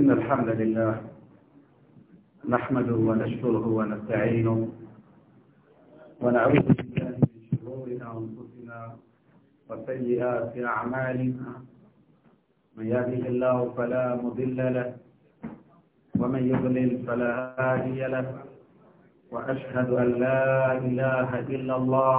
إن الحمد لله نحمده ونشكره ونستعينه ونعوذ بالله من شرور أنفسنا وسيئات أعمالنا من يهده الله فلا مضل له ومن يضلل فلا هادي له وأشهد أن لا إله إلا الله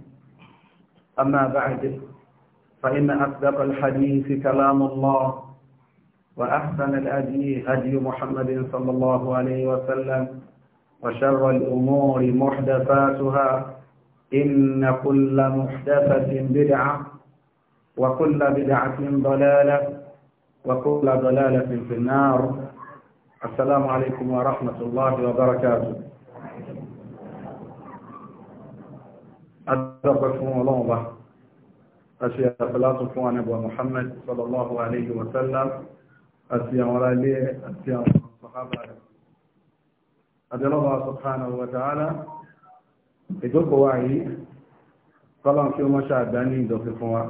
أما بعد فإن أصدق الحديث كلام الله وأحسن الأدي هدي محمد صلى الله عليه وسلم وشر الأمور محدثاتها إن كل محدثة بدعة وكل بدعة ضلالة وكل ضلالة في النار السلام عليكم ورحمة الله وبركاته أدركم الله àti àtàlátò fún ànàbà Muhammad sallallahu alayhi wa sallam àti àwọn aráilé àti àwọn sọ̀hábà rẹ̀. Adẹ́lọ́wà subhanahu wa ta'ala, ìjókòó yìí, kọ́lọ̀ kí ó mọ́ ṣàdá ní ìdọ̀fẹ́ fún wa.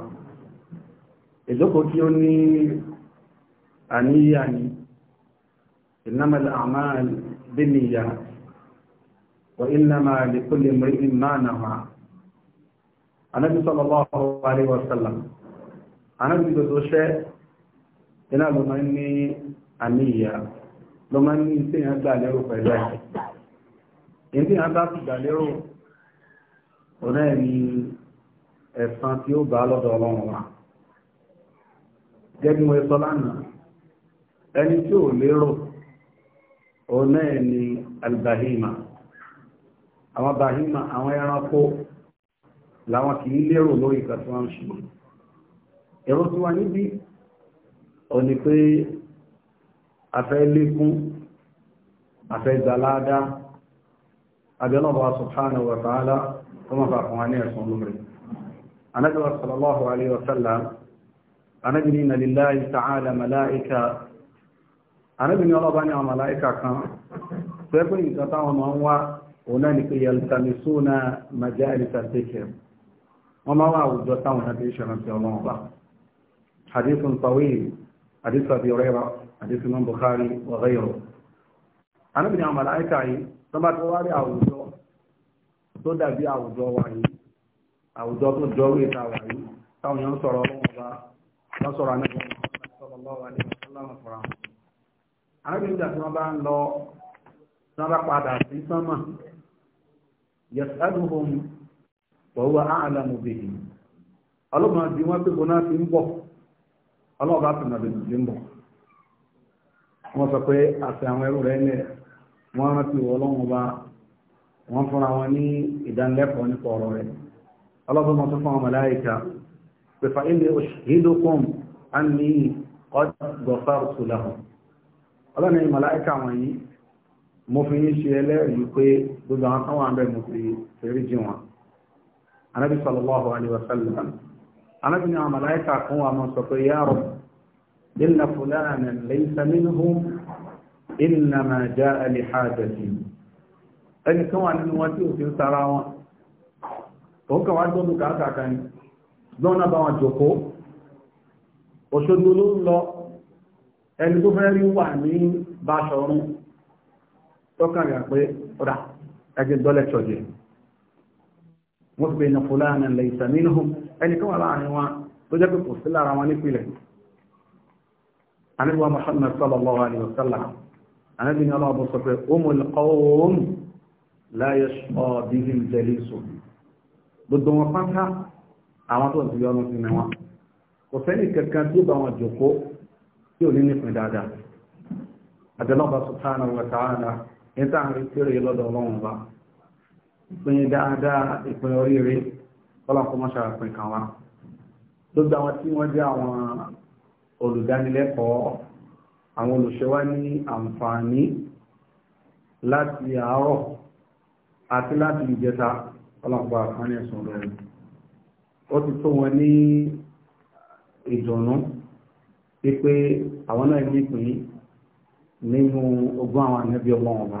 Ìjókòó kí ó ní àníyàn إنما الأعمال بالنيات وإنما لكل امرئ ما نوى anábì sallallahu alaihi wasallam anábì gbogbo ṣẹ́ iná ló máa ń ní àníyà ló máa ń ní tí èèyàn gbà lérò pẹ̀lú ẹ̀ èyí tí èèyàn bá ti gbà lérò ọ̀nà ẹ̀ ní ẹ̀san tí ó bá lọ́dọ̀ ọlọ́run wa gẹ́gẹ́ mo sọ lánàá ẹni tí ò lérò ọ̀nà ẹ̀ ní albahima àwọn bahima àwọn ẹranko làwọn kì í lérò lórí ìkà tí wọ́n ń ṣe ẹ̀rọ tí wà níbi ọ̀nì pé afẹ́ lékún afẹ́ gbàládá abẹ́lọ́bà subhanahu wa ta'ala kuma ba kuma ne sun lumri annabi sallallahu alaihi wa sallam annabi ni lillahi ta'ala malaika annabi wọ́n máa wà àwùjọ táwọn ẹ̀dẹ́ ìṣẹ̀rántí ọlọ́run bá hadith tawil hadith Abi Hurairah hadith imam Bukhari wa ghayruhu anábìnrin àwọn màláìkà yìí tó bá tó wá rí àwùjọ tó dàbí àwùjọ wa yìí àwùjọ tó jọ orí ìta wà yìí táwọn èèyàn sọ̀rọ̀ ọlọ́run bá wọ́n sọ̀rọ̀ anábìnrin sallallahu alaihi wasallam fúnra wọ́wọ́ àálàmù bèèrè ọlọ́mà bí wọ́n pípọ̀ náà fi ń bọ̀ ọlọ́ọ̀bá fìnà lè ń bọ̀ wọ́n sọ pé àti àwọn ẹrú rẹ̀ lẹ̀ wọ́n rántí ọlọ́run bá wọ́n fúnra wọn ní ìdánilẹ́kọ̀ọ́ nípa ọ̀rọ̀ rẹ̀ ọlọ́bọ̀ mọ́ fún àwọn màláíkà pé ilé ìdókòm á ní ọgọ́fà anábì sallallahu alayhi wa sallam anábì ni àwọn màláíkà kan wà mọ́ sọ pé yá rọ̀ inna fulanan laysa minhum innama jaa li hajati ẹni kan wà nínú wọn tí ò fi ń sara wọn òun kàn wá gbọ́ mi kàákà kan ni lọ́nà bá wọn jòkó Òṣogbo ló ń lọ ẹni tó fẹ́ rí wà ní Báṣọ̀run tọ́kàn rẹ̀ pé ọ̀dà ẹgbẹ́ dọ́lẹ̀ ṣọ̀jẹ̀ wọ́n fi bẹ̀yìn fúlàní ilẹ̀ ìsàmínú ẹni tó wà láàrin wọn tó jẹ́ pé kò sí lára wọn nípìnlẹ̀ anábíwá muhammad sallallahu alayhi wa sallam anábí ni ọlọ́ọ̀bù sọ pé ó mú ìlọ́wọ́n láyé sọ bí i jẹ́lí sọ gbogbo wọn pátá àwọn tó ń ti yọnu sí ni wọn kò sẹ́ni kankan tí ó bá wọn jòkó tí ò ní nípìn dáadáa àdánọ́bà subhanahu wa ta'ala ní táà ń rí kéré lọ́dọ̀ ìpín dáadáa ìpín oríire ọlọ́pọ̀mọ́ṣà ìpín kan wá gbogbo àwọn tí wọ́n jẹ́ àwọn olùdánilẹ́kọ̀ọ́ àwọn olùṣẹ́wá ní àǹfààní láti àárọ̀ àti láti ìjẹta ọlọ́pọ̀ àkọ́rin ẹ̀sùn lórí ó ti tó wọn ní ìdùnnú wípé àwọn náà ní ìpín nínú ogún àwọn ànábì ọlọ́wọ́n bá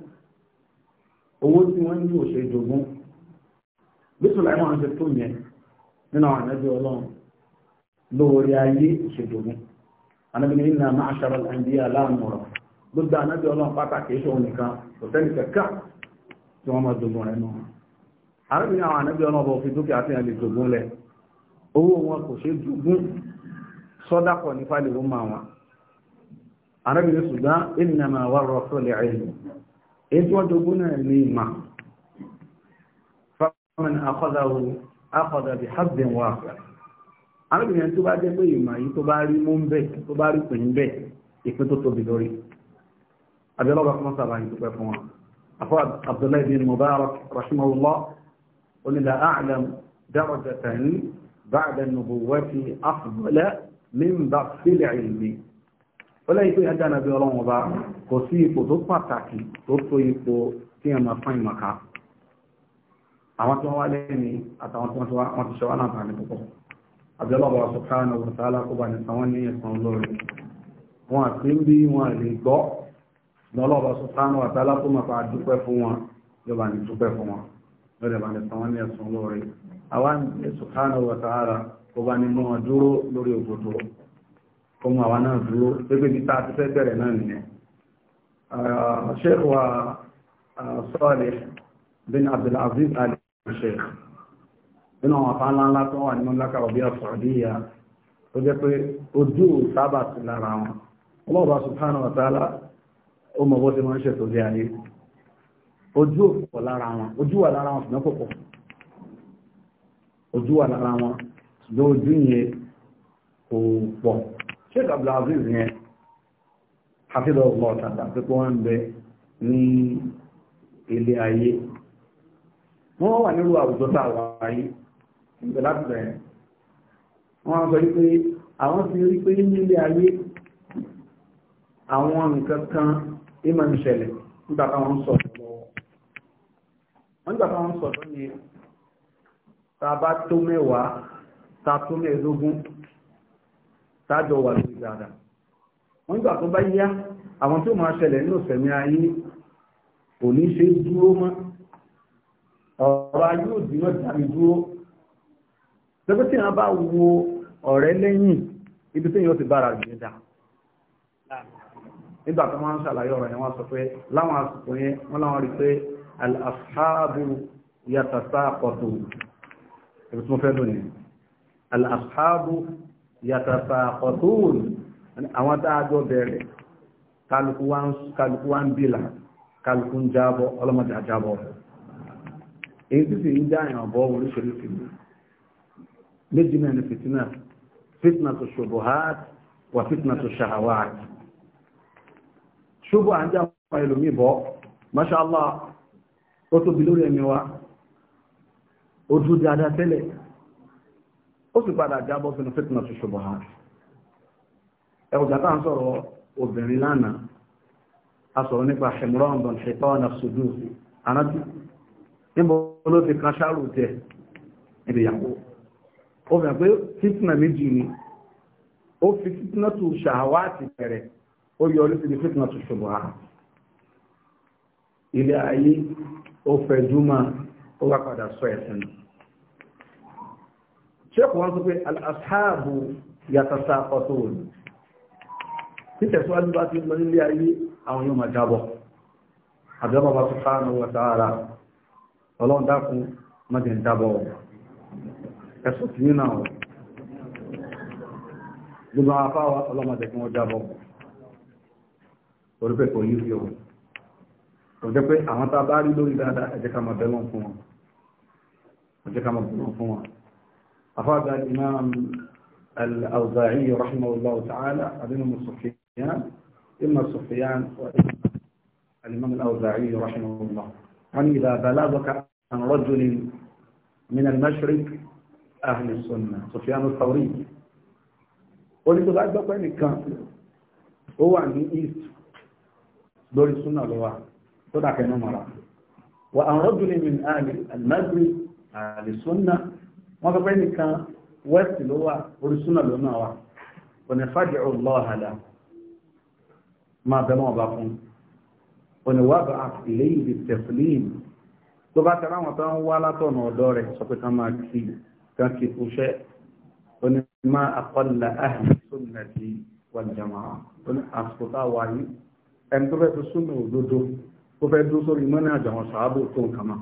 owó tí wọ́n ní òṣè jogún bí Sùlẹ́mọ̀n ṣe tó yẹn nínú àwọn ànábì ọlọ́run lórí ayé ìṣèjogún ànábì ní ìnà máa ṣàrọ̀ àìdí aláàmọ̀rọ̀ gbogbo ànábì ọlọ́run pàtàkì iṣẹ́ onìkan kò tẹ́lì kẹ́kà tí wọ́n máa jogun rẹ̀ náà àrẹ́bì ní àwọn ànábì ọlọ́run bọ̀ fi dúkìá tí wọ́n lè jogun lẹ̀ owó wọn kò ṣe jogún sọ́dápọ̀ ní fáìlì wọn máa wọn àrẹ́bì ní ṣùgbọ́n èyí tí wọ́n jogún náà ní ìmà fáwọn akọ́dáwò akọ́dá bí habdin wà arábìnrin tó bá jẹ́ pé ìmà yìí tó bá rí mú ń bẹ̀ tó bá rí pín bẹ̀ ìpín tó tóbi lórí abẹ́lọ́gbà fún sábà yìí tó pẹ́ fún wọn ọlẹ́yìn pé ajá nàbí ọlọ́run ọba kò sí ipò tó pàtàkì tó tó ipò tí ẹ máa fún ìmọ̀ká àwọn tí wọ́n wá lẹ́ni àtàwọn tí wọ́n ti ṣọwọ́ náà tàbí púpọ̀ àbíọ́lọ́wọ́ sọ̀kánà wọ̀tálá kó bá nìkan wọ́n ní ẹ̀sán lórí wọn àti ń bí wọn lè gbọ́ lọ́lọ́wọ́ sọ̀kánà wọ̀tálá kó máa dúpẹ́ fún wọn yóò bá ní dúpẹ́ fún wọn lórí bá nìkan wọ́n ní ẹ̀sán lórí àwọn sọ̀kánà wọ̀tálá kó bá ní mọ́ dúró lórí òkòtò fún àwa náà dúró pépé bí tá a ti fẹ́ bẹ̀rẹ̀ náà nìyẹn sheikh wa Salih bin Abdulaziz ali sheikh nínú àwọn afá ńláńlá tó wà nínú lákàwọ̀ bí ọ̀sọ̀díyà tó jẹ́ pé ojú sábà sí lára wọn ọlọ́ọ̀bá subhanahu wa ta'ala ó mọ̀ bó ti máa ń ṣètò ilé ayé ojú wà lára wọn ṣùgbọ́n ojú yẹn kò pọ̀ sheik abdulaziz yẹn hafidọ̀ ọgbọ̀n tàbí pípọ́ wọn bẹ ní ilé ayé wọ́n wà nílùú àwùjọ tá àwọn ayé níbẹ̀ láti bẹ̀rẹ̀ wọ́n sọ wípé àwọn ti rí pé nílé ayé àwọn nǹkan kan ìmọ̀ ń ṣẹlẹ̀ nígbà táwọn ń sọ wọ́n sọ lọ́wọ́ ni tá a bá tó mẹ́wàá tá a tó tájọ wà lórí dáadáa wọ́n gbà tó bá yá àwọn tó máa ṣẹlẹ̀ nínú sẹ̀mí ayé kò ní ṣe dúró mọ́ ọ̀rọ̀ ayé òdì náà dàbí dúró lọ́pẹ́ tí wọ́n bá wo ọ̀rẹ́ lẹ́yìn ibi tí yóò ti bára rẹ̀ dá nígbà tó máa ń ṣàlàyé ọ̀rọ̀ yẹn wọ́n sọ pé láwọn àsìkò yẹn wọ́n láwọn rí pé al-ashabu yatasaqatu ẹ̀bùn yàtàfà àkọ̀tún àwọn tààjọ bẹ̀rẹ̀ kálukú wá ń bílà kálukú ń si ọlọ́mọdé anyanwụ èyí tí sì ń dá àyàn bọ́ oríṣiríṣi méjì náà ni fìtínà fìtínà tó ṣòbò hát wà fìtínà tó ṣàhàwà hát ṣòbò àjá wọn ẹlòmíì bọ́ masha Allah ó tóbi lórí ẹ̀mí wa ó ó sì padà jábọ́ sínú fitna tó ṣubọ̀ ha ẹ̀wùjá tá à ń sọ̀rọ̀ obìnrin lánàá a sọ̀rọ̀ nípa Imran bin Hitan as-Sudusi sí anájú níbo ló ti kan ṣáàrù tẹ ìrìyàwó ó fi hàn pé fitna méjì ni ó fi fitna tó ṣàwáàtì bẹ̀rẹ̀ ó yọ orí síbi fitna tó ṣubọ̀ ha ilé ayé ó fẹ́ júmọ́ ó wá padà sọ ẹ̀sìn náà ṣéèkù wọn sọ pé aláṣáàbù yàtàṣà ọ̀tọ̀ òní títẹ̀síwájú bá ti lọ nílé ayé àwọn yóò máa jábọ̀ àbẹ́mọ̀ bá tó ká ní wọ̀ta ara ọlọ́run dákun mọ́jẹ̀ ń jábọ̀ ẹ̀sùn tí ní náà gbogbo afáwà ọlọ́mọdé kí wọ́n jábọ̀ orí pé أفاد الإمام الأوزاعي رحمه الله تعالى علمهم الصفيان إما الصفيان وإما الإمام الأوزاعي رحمه الله أن إذا بلغك عن رجل من المشرق أهل السنة سفيان الثوري قلت بعد بقى كان هو عن إيست دور السنة الواحد تدعك نمرة وأن رجل من أهل المغرب أهل السنة wọ́n sọ pé nìkan west ló wà orísúnà ló náà wà òní fàdí ọlọ́ọ̀hàlà máa bẹ̀rẹ̀ ọba fún òní wà bá ilé ìbí tẹ̀fìlìm tó bá tẹ̀lé àwọn tó ń wá látọ̀nà ọ̀dọ́ rẹ̀ sọ pé kan máa kí kan kí kúṣẹ́ òní máa àkọlà ahli sunnati wal jamaa òní àsìkò tá a ẹni tó fẹ́ fi súnmọ̀ òdodo tó fẹ́ dúró sórí mọ́nà àjàwọn sàábò tó nǹkan máa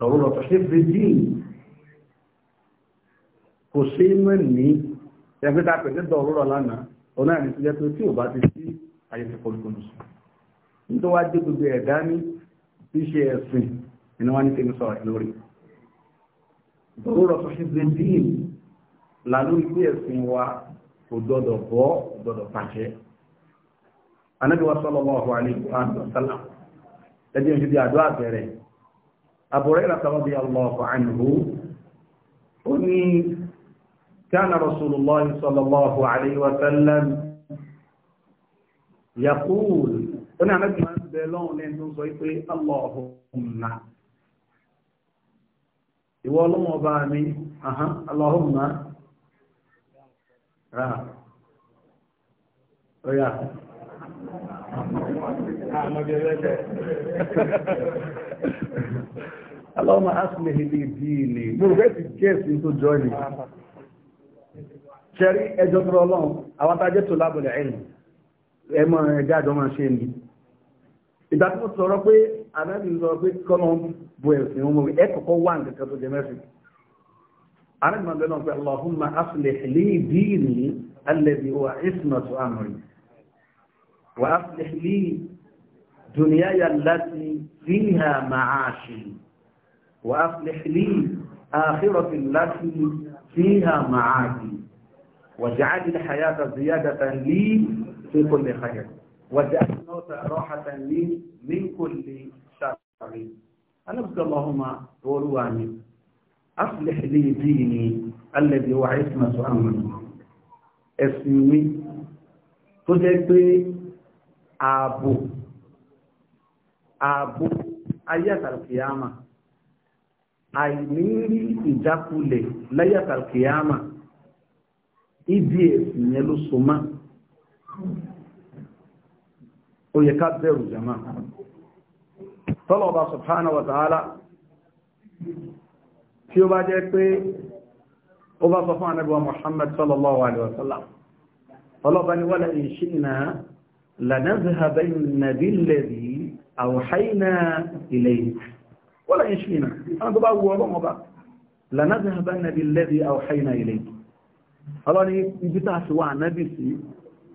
ضرورة حفظ الدين kò ṣe mọ́ ní ẹgbẹ́ta pẹ̀lú dọ̀rọ̀rọ̀ lánàá ọ̀nà àìsíjẹ́ tó tí ò bá ti sí àyẹ̀sẹ̀ pọ̀lùkùnùsù nítorí wá dé gbogbo ẹ̀dá ní ṣíṣe ẹ̀sìn ìná wá ní kí n sọ lórí dọ̀rọ̀rọ̀ tó ṣe gbé dín lálú ilé ẹ̀sìn wa kò gbọdọ̀ bọ́ kò gbọdọ̀ pàṣẹ anábíwá sallallahu alaihi wa sallam ẹjẹ́ ń ṣe أبو هريرة رضي الله عنه أني كان رسول الله صلى الله عليه وسلم يقول أنا نجمع بلون لأنه صيفي اللهم يقول بامي أها اللهم آه. ويا Allahumma aslih li dini mo rẹ̀ ti gẹ́ẹ̀sì tó jọ ní ṣẹ́rí ẹjọ́ tó ọlọ́run àwọn tàjẹ́ tó lábọ̀lẹ̀ ẹ̀rìn ẹmọ ẹjá àjọ máa ṣe ní ìgbà tí mo sọ̀rọ̀ pé anábì ń sọ pé kọ́nà bu ẹ̀sìn ọmọ ẹ kọ̀kọ́ wà ní kẹ́kẹ́ tó jẹ mẹ́sìn anábì máa bẹ̀rẹ̀ pé Allahumma aslih li dini alladhi huwa ismatu Amuri. wa دنياي التي فيها معاشي وأصلح لي آخرة التي فيها معادي واجعل الحياة زيادة لي في كل خير واجعل الموت راحة لي من كل شر أبقى اللهم ورواني أصلح لي ديني الذي هو عصمة أمري اسمي تجد أبو ààbò ayé àtàlùkìyàmà àìnírí ìjákulẹ̀ láyé àtàlùkìyàmà ibi ẹ̀sìn yẹn ló so mọ́ ó yẹ ká bẹ̀rù jama tọ́lọ̀ọba subhanahu wa ta'ala tí ó bá jẹ́ pé ó bá sọ fún anábíwa Muhammad sallallahu alaihi wasallam ọlọ́ba ni wala in shi'na lanazhabanna billadhi àwòháìnà ilẹ̀ wọ́n lẹ́yìn ṣìnà na tó bá wù ọlọ́run ọba lànàbí àbá nàbí lẹ́bí àwòháìnà ilẹ̀ ibi tá a fi wá ànábì sí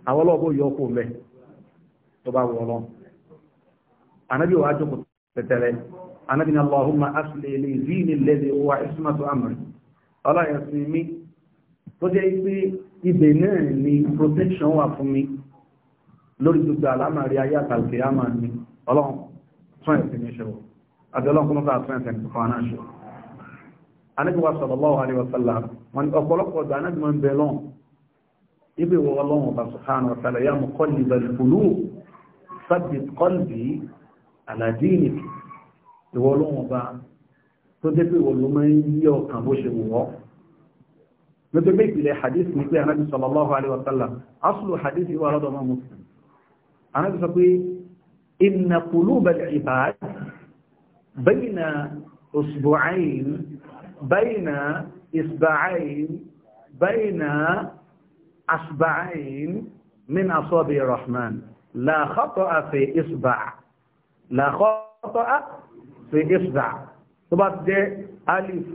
àwọn ọlọ́ọ̀bọ̀ yọ kó mẹ́ tó bá wù Anabi na wàá jókòó tẹ̀tẹ̀rẹ̀ ànábì ní tó jẹ́ náà ni protection wà fún mi lórí gbogbo ayé àtàlùkè àmà ọlọ́run tún ẹ̀sìn ní ṣe wọ́n àjọlọ́run kún lọ́ta tún ẹ̀sìn kan náà ṣe anábíwá sallallahu alaihi wasallam wọn ọ̀pọ̀lọpọ̀ ọ̀dọ̀ anábíwá ń bẹ lọ́n ibi wọ ọlọ́run ọba subhanahu wa ta'ala ya muqallibal qulub sabbit qalbi ala dinik ìwọ ọlọ́run ọba tó dé pé ìwọ ló máa ń yí ọkàn bó ṣe wù ọ́ lọ́tọ́ bẹ́ẹ̀ إن قلوب العباد بين أسبوعين بين إصبعين بين أصبعين من أصابع الرحمن لا خطأ في إصبع لا خطأ في إصبع طبعا ده ألف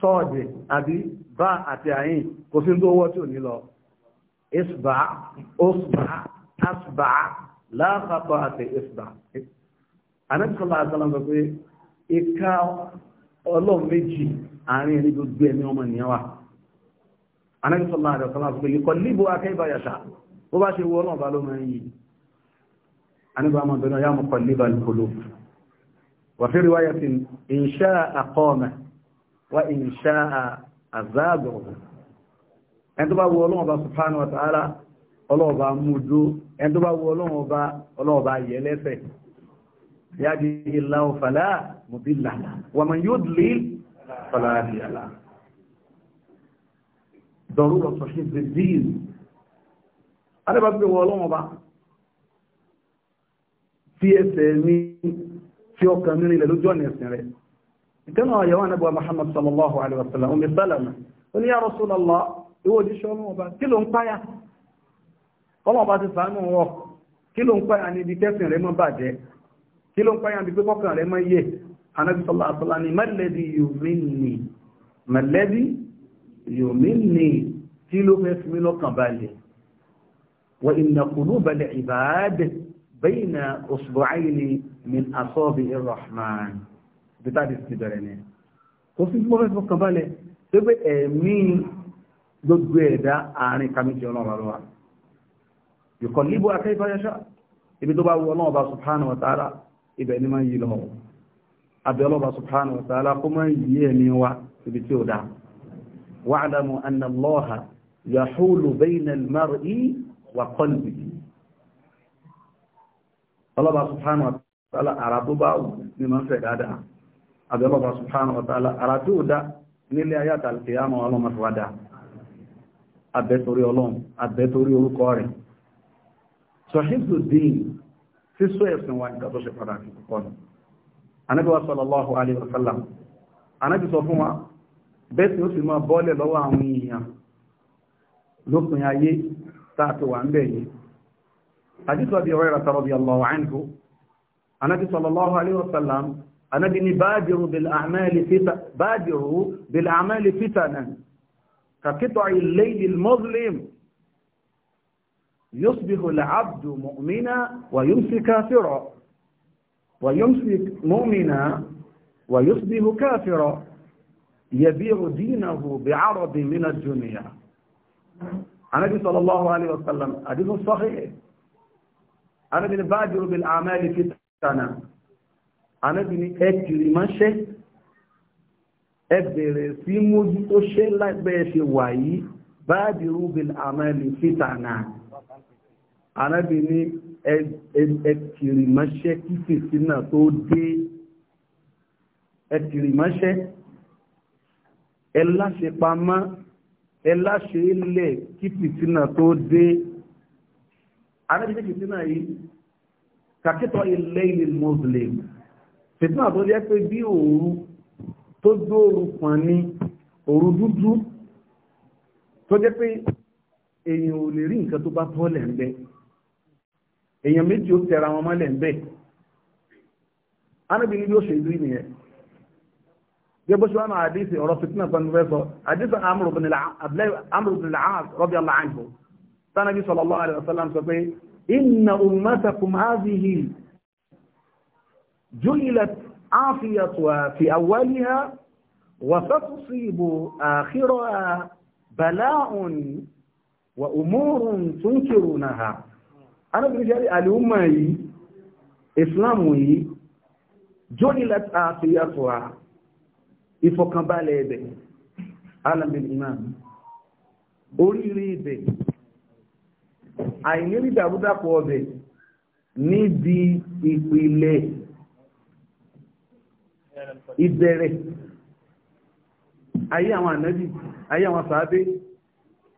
صاد أبي باء أتعين قصين دو واتوني إصبع أصبع أصبع láàpapọ̀ àti ìsìdá anẹ́kọ̀lá àtàlàmọ̀ pé ìka ọlọ́run méjì àárín ẹni gbogbo ẹni ọmọ ènìyàn wa anẹ́kọ̀lá àtàlàmọ̀ pé ìkọ̀ líbo akẹ́bà yàtà ó bá ṣe wọ́ ọlọ́run bá ló máa ń yí anẹ́kọ̀lá bẹ̀rẹ̀ ya mọ̀ kọ̀líbà lùkọlù wà fí riwáyà sí ìṣá àkọ́ọ̀mẹ̀ wà ìṣá àzáàgọ̀ ẹni tó bá wọ ọlọ́run bá subhanahu wa ta'ala ọlọ́ọ̀bá mú dó ẹni tó bá wọ ọlọ́ọ̀bá ọlọ́ọ̀bá yẹ lẹ́fẹ̀ yáàdì ìlà òfàlà mùbílà wà mà yóò lè fàlà àdìyàlà dọ̀rú lọ́sọ̀ ṣe ti dín adébábí wọ ọlọ́ọ̀bá tí ẹsẹ̀ ní tí ọkàn mìíràn ilẹ̀ lójú ọ̀nà ẹ̀sìn rẹ̀ ìkẹ́nà àyẹ̀wò anábọ̀ Muhammad sallallahu alaihi wasallam omi sálàmù ó ní yá Rasulullah ìwọ òjíṣẹ́ kí ló ń páyà kọ́lọ̀ bá ti sàánú wọ kí ló ń pẹ́ àní ibi kẹsìn rẹ̀ mọ́ bàjẹ́ kí ló ń pẹ́ àní ibi kọkàn rẹ̀ mọ́ yẹ anábì sọ́lá àtọ́lá ni mẹ́lẹ́dì yòmínì mẹ́lẹ́dì yòmínì tí ló fẹ́ fi mí lọ́kàn balẹ̀ wà ìnà kùnú balẹ̀ ìbáàdẹ̀ bẹ́yìnà òṣùbọ̀áyìní min asọ́bi irrahman bí táàdì ti bẹ̀rẹ̀ ni kò sí mọ́ fi lọ́kàn balẹ̀ gbogbo ẹ̀dá àárín kàmíjì ọlọ́run yùkọ̀líbù akẹ́fà yẹṣà ibi tó bá wù ọlọ́ọ̀bá subhanahu wa ta'ala ibẹ̀ ni máa yí lọ abẹ́ ọlọ́ọ̀bá subhanahu wa ta'ala kó máa yí ẹ̀mí wa ibi tí ó dá wa'lamu anna Allaha yahulu bayna al-mar'i wa qalbihi ọlọ́ọ̀bá subhanahu wa ta'ala ara tó bá wù ni máa ń fẹ́ dáadáa abẹ́ ọlọ́ọ̀bá subhanahu wa ara tó dá nílé ayé àtàlùkè àmọ́ ọlọ́mọ sọ̀hìbù dín sísọ ẹ̀sìn wa nǹkan tó ṣe pàtàkì púpọ̀ ni anábì wa sallallahu alaihi wa sallam anábì sọ fún wa bẹ́ẹ̀ tí ó sì máa bọ́ọ̀lẹ̀ lọ́wọ́ àwọn èèyàn lópin ayé tààtò wà ń bẹ̀ yìí àdìsọ́ bí ọ̀rẹ́ rẹ̀ sọ̀rọ̀ bí ọlọ́wọ́ àìnkú anábì sallallahu alaihi يصبح العبد مؤمنا ويمسي كافرا ويمسي مؤمنا ويصبح كافرا يبيع دينه بعرض من الدنيا عن النبي صلى الله عليه وسلم حديث صحيح أنا بن بادر بالأعمال في أنا بن أكل ما شيء في sí mójútó لا lágbẹ́ ṣe wà yìí bádìrú bil àmàlì anábì ní ẹkìrìmọ́ṣẹ́ kí fìtínà tó dé ẹkìrìmọ́ṣẹ́ ẹláṣepamọ́ ẹláṣeélẹ̀ kí fìtínà tó dé anábì ní fìtínà yìí kàkítọ̀ ilẹ̀ ilẹ̀ muslim fìtínà tó jẹ́ pé bí òru tó dóoru pọ̀n ní òru dúdú tó jẹ́ pé èèyàn ò lè rí nǹkan tó bá tọ́lẹ̀ ń bẹ́ẹ̀ èèyàn méjì ó tẹra wọn mọ́lẹ̀ ń bẹ̀ anábìrin yóò ṣe ìdírí nìyẹn gẹ́gbẹ́ ṣe wọn àdísì ọ̀rọ̀ fitna pẹ̀lú fẹ́ sọ àdísì amru bin al-aas radiyallahu anhu sanabi sallallahu alaihi wasallam sọ pé inna ummatakum hadhihi ju'ilat afiyatuha fi awwaliha wa satusibu akhiraha bala'un wa umurun tunkirunaha arábìnrin alìhúnmà yìí ìsìláàmù yìí jóni láti àfihàtò à ìfọkànbalẹ̀ ẹ̀bẹ̀ alàmìn imam oríire ibẹ̀ àìlérí dàbúdàpọ̀ ọbẹ̀ níbi ìpìlẹ̀ ìbẹ̀rẹ̀ ayé àwọn ànábì ayé àwọn sàábé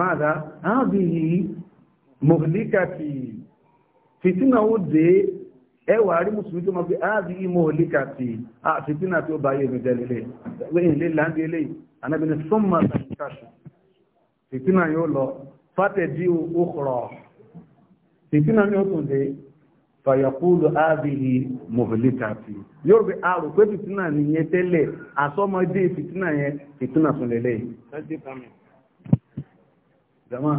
mada ábìyí mọ̀líkàtì fìtínà ó dé ẹwà rí mùsùlùmí tó mọ̀ pé ábìyí mọ̀líkàtì fìtínà tí ó bá yẹ̀ mẹ́jẹ̀lẹ̀ ilé láńdí ilé anábìnì súnmọ̀ tàbíkàṣù fìtínà yóò lọ fátẹ̀dí òkúrọ̀ fìtínà ni ó tún dé fàyàkúlù ábìyí mọ̀líkàtì yóò rí àrò pé fìtínà nìyẹn tẹ́lẹ̀ àsọmọdé fìtínà yẹn fìtínà tún jama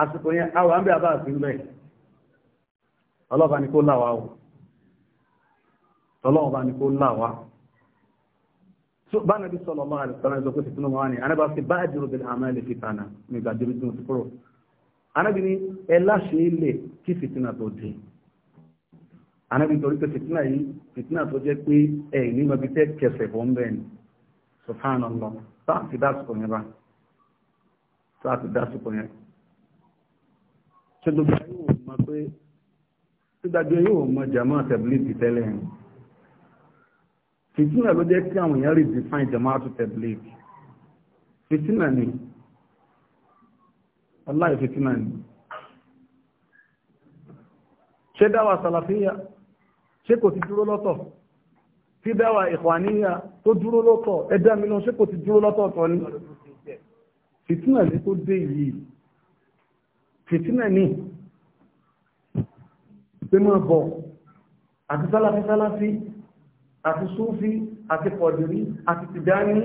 àsìkò yẹn àwọn àmì àbá àti ń bẹ̀ ọlọ́ba ni kó láwa o ọlọ́ba ni kó láwa so bá nàbí sọ̀rọ̀ ọmọ àlẹ́ sọ̀rọ̀ ìzọ́kọ́ sí fúnnà wọn ni anábà sí bá àjẹrò bẹ̀rẹ̀ àmà ilẹ̀ fìtànà ní ìgbà jẹ́rù jùlọ sí kúrò anábì ni ẹ láṣẹ ilẹ̀ kí fìtìnà tó dé anábì torí pé yìí fìtìnà tó jẹ́ pé ẹ̀yìn ní mọ̀bí tẹ́ kẹsẹ̀ bọ́ ni subhanallah bá àti dá àsìkò bá láti dásìkò yẹn ṣe gbogbo yóò mọ pé sídájọ́ yóò mọ jama tẹ̀blìtì tẹ́lẹ̀ yẹn fìtínà ló jẹ́ kí àwọn èèyàn rí define jama tó tẹ̀blìtì fìtínà ni wallahi fìtínà ni ṣé dáwà sàlàfíyà ṣé kò ti dúró lọ́tọ̀ tí dáwà ìkwàníyà tó dúró lọ́tọ̀ ẹ̀dá mi náà ṣé kò ti dúró lọ́tọ̀ tọ́ ni fìtínà ní tó dé yìí fìtínà ní pé máa bọ̀ àti sálàfí sálàfí àti súnfí àti kọ̀dìrí àti tìdání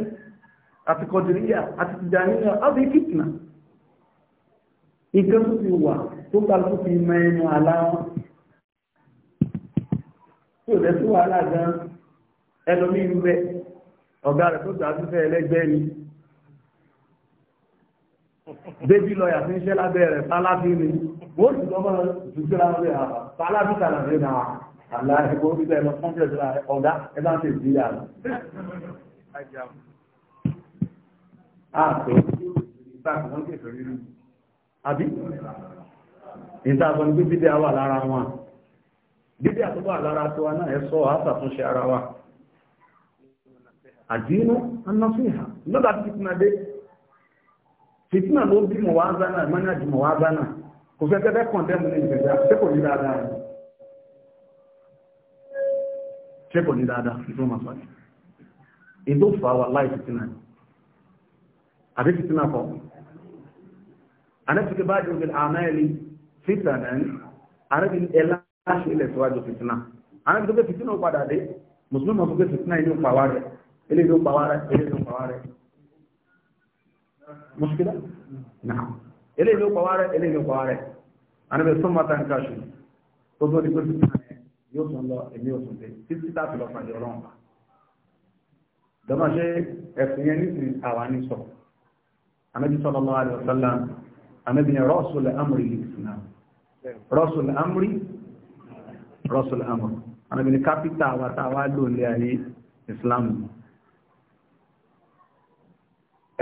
àti kọ̀dìríyà àti tìdàníyà àti fìtínà nǹkan tó fi wà tó kálukú fi mọ ẹnu àlá wọn tó lẹ́sùn wàhálà gan ẹlòmíín bẹ ọ̀gá rẹ̀ tó tà á fífẹ́ ẹlẹ́gbẹ́ ni bébí lọ́yà tí ń ṣẹ́ lábẹ́ rẹ̀ pálábí ni ó sì lọ́mọ́ ìtúsí lábẹ́ pálábí tàbí náà aláìkó bíbẹ̀ ẹ̀mọ́ fún ṣẹ̀ṣẹ̀ ọ̀gá ẹ̀bá ṣe sí yà lọ. àtò ìbáàkì wọn kèfè rí rí àbí ìtàbọn gbé bíbí àwà lára wọn bíbí àtúbọ̀ àlára tó wa náà ẹ sọ àṣàtúnṣe ara wa àdínú anásùn ìhà lọ́dà tí kìtìmọ̀ dé fìtínà ló bí mọ̀ wá zánà mọ́nà jù mọ̀ wá zánà kò fẹ́ tẹ́lẹ̀ kọ̀ndẹ́mù ní ìgbẹ̀dá ṣé kò ní dáadáa rẹ̀ ṣé kò ní dáadáa ìfún ma sọ́ọ̀tì ìdó fà wà láì fìtínà àbí fìtínà kọ̀ anẹ́tìkẹ́ bá jẹ́ òbílẹ̀ àmẹ́lì fìtínà àrẹ́bí ẹlá ṣe ilẹ̀ síwájú fìtínà àrẹ́bí tó fẹ́ fìtínà padà dé mùsùlùmí mushkila na'am eléyìí ló pa wá rẹ eléyìí ló pa wá rẹ ànábẹ sọmọ tá n ká ṣù tó tó di pé sísá yẹn yóò tún lọ èmi yóò tún dé títí tá a fi lọ pàdé ọlọ́run pa dọ́mọ̀ ṣe ẹ̀sìn yẹn nísìnyí àwa ní sọ ànábì sallallahu alaihi wasallam ànábì yẹn rasul amri yìí sinà rasul amri rasul amri ànábì ní kápítà wa tá a wá lò ní ayé ìsìlámù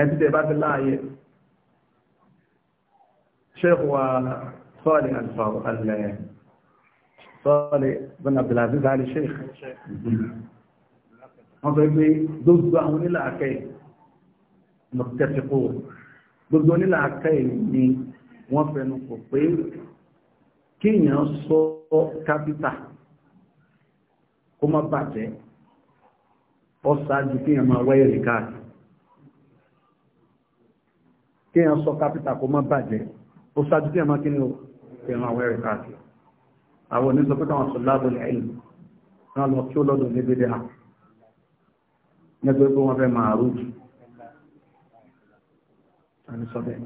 ẹni tẹ́ bá ti láàyè sheikh wa sọ́ọ̀lì alfàwọ̀ alẹ́ sọ́ọ̀lì bin abdulaziz ali sheikh wọ́n sọ pé gbogbo àwọn onílàákẹ́ mọ̀tẹ́síkò gbogbo onílàákẹ́ ni wọ́n fẹnu kò pé kíyàn sọ kápítà kó má bàjẹ́ ọ ṣáájú kíyàn máa wáyé rí káàkiri kí èèyàn sọ kápítà kó má bàjẹ́ ó ṣáájú kí èèyàn máa kí ni ó ẹ̀rùn àwọn ẹ̀rẹ̀ káàkiri àwọn oníṣọ́ pé káwọn sọ lábọ̀ ní ẹ̀lú náà lọ kí ó lọ́dọ̀ ní dédé à nígbà pé wọ́n fẹ́ máa rú jù àní sọ bẹ́ẹ̀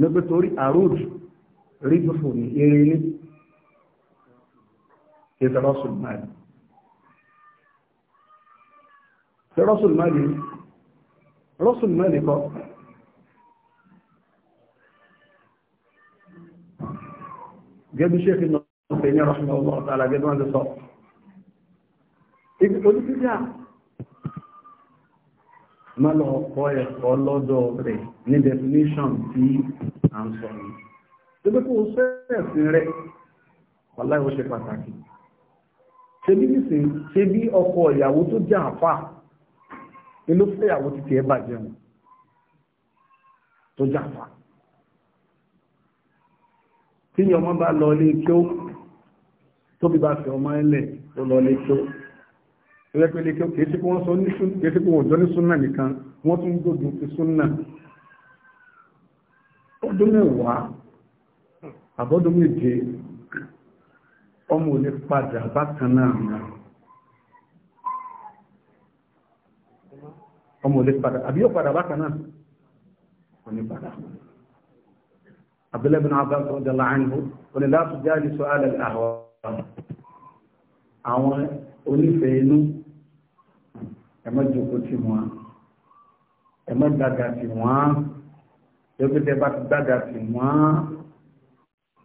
nígbà torí àrùjù rí fífò ní eré ní ìṣẹ́rọ́sùn máàlì rọ́sùn náà nìkan gẹ́bí ṣe fi nà ọ̀sẹ̀ ní ọ̀rọ̀ṣùn ọ̀rọ̀ ọ̀tàlà gẹ́bí wọ́n ti sọ oníbíbíà má lọ kọ́ ẹ̀kọ́ lọ́dọ̀ rẹ̀ ní definition tí à ń sọ yìí tó bí kò sẹ́ẹ̀sìn rẹ̀ wàláì ó ṣe ìyàwó tó jẹ́ àfáà inú fẹ́yàwó ti tiẹ̀ bàjẹ́ mu tó jàfà tí ni ọmọ bá lọ ilé kí ó tóbi bá fi ọmọ ẹlẹ̀ tó lọ ilé kí ó lẹ́pẹ́ ilé kí ó kìí sí wọ́n sọ ní kìí sí wọ́n jọ ní súnà nìkan wọ́n tún gbógun ti súnà ọdún mẹ́wàá àbọ́dún méje ọmọ ò ní padà bákan náà náà ọmọ olè padà àbí yóò padà bákan náà kò ní padà abdullahi bin abbas radiyallahu anhu kò ní láti jáde sọ alẹ́ àwọ̀ àwọn onífẹ̀ẹ́ inú ẹ̀mọ́ jòkó ti wọn ẹ̀mọ́ dàgà ti wọn ẹgbẹ́ tẹ́ bá ti dàgà ti wọn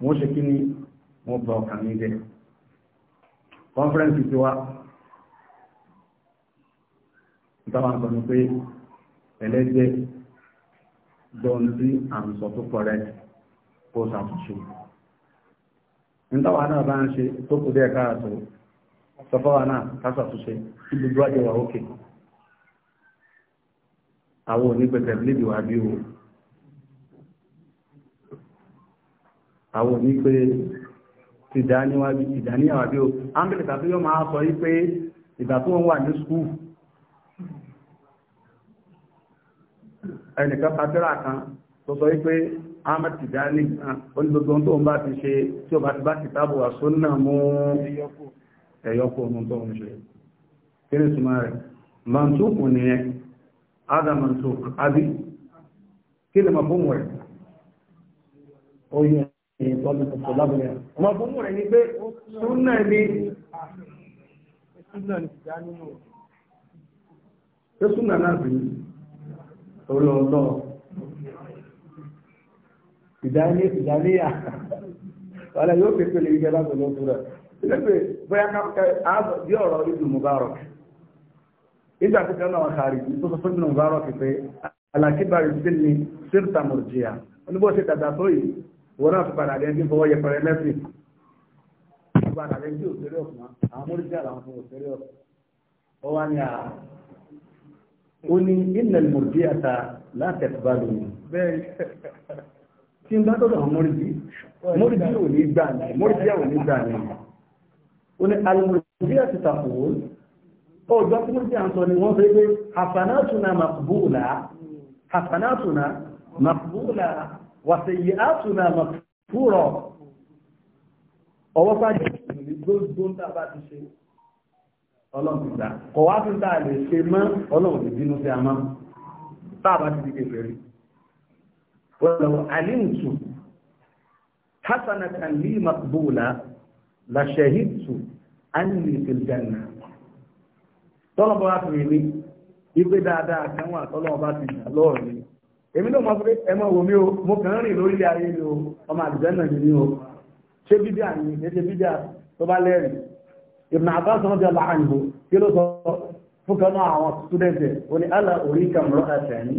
wọ́n ṣe kí ni wọ́n bọ̀ ọ̀kan ní jẹ́ ti wá táwọn sọ ni pé ẹlẹ́jẹ̀ dọ́n sí àǹsọ̀ tó kọ̀rẹ́ kó ṣàtúnṣe nítawà náà bá ń ṣe tó kù díẹ̀ káàtó sọfọ́wà náà kásàtúnṣe ibùdó àjẹwà òkè àwọn onípẹ̀tẹ̀ lébi wà bí o àwọn onípẹ̀ tìdáníwájú tìdáníyàwá bí o ámbìlì tàbí yóò máa sọ yí pé ìgbà tó ń wà ní skúù ẹnìkan pàtẹ́rà kan tó sọ wípé ahmed tijani onígbogbo tó ń bá ti ṣe tí ó bá ti bá ti tábò wà só náà mú ẹ̀yọ́kù ohun tó ń ṣe kí ni súnmọ́ rẹ̀ mọ̀túkù nìyẹn adam mọ̀túkù àbí kí ni mọ̀ fún rẹ̀ ó yẹ tó lábẹ́rẹ̀ torí ọlọ́ ìdálé ìdáléyà wàlẹ̀ yóò fi pèlè ìjẹba pẹ̀lú òtúrọ̀ lẹ́gbẹ̀ẹ́ bóyá káfíkà ààbò bí ọ̀rọ̀ ìdùn mubarak ìgbà tó kẹ́ náà kàrí tó sọ fún mubarak pé alákíbàrí sí ni sírta murjiya oníbó ṣe tàdà tó yìí wọn náà fi padà dẹ́gbẹ́ fọwọ́ yẹ pẹrẹ lẹ́sìn padà dẹ́gbẹ́ òṣèré ọ̀kùnrin àwọn mọ́ríjà làwọn fún òṣèré ọ̀kùnrin ó wá ní àà ah, ó ní ilẹ̀ mọ̀dí àta látẹ̀kùbálò ní tí ń bá tọ́dọ̀ mọ́rìdí mọ́rìdí ò ní gbà ní mọ́rìdí ò ní gbà ní ó ní alùmọ̀dí àti tàkùwò ó gbá tí mọ́rìdí à ń sọ ni wọ́n fẹ́ pé hasanatuna makbula hasanatuna makbula wasayiatuna makfura ọwọ́ bá jẹ́ gbogbo ń tàbá ti ṣe ọlọ́run ti gbà kọ̀ wá fún táà lè ṣe mọ́ ọlọ́run ti bínú sí àmọ́ táàbá ti di kẹfẹ́ rí wọ́n alimtu hasanatan li maqbula la shahidtu anni fil janna tọ́lọ́bọ̀ wá fún mi ìgbé dáadáa kan wà tọ́lọ́wọ́ bá ti gbà lọ́ọ̀rọ̀ mi èmi náà mọ̀ pé ẹ mọ̀ wò o mo kàn rìn lórí ayé mi o ọmọ àdìjẹ́ náà ni o ṣé bídíà ni ṣe bídíà tó bá Ibn Abbas radiyallahu anhu kí ló sọ fúnkanú àwọn túdẹ́sẹ̀ ó ní ala urika imra'atan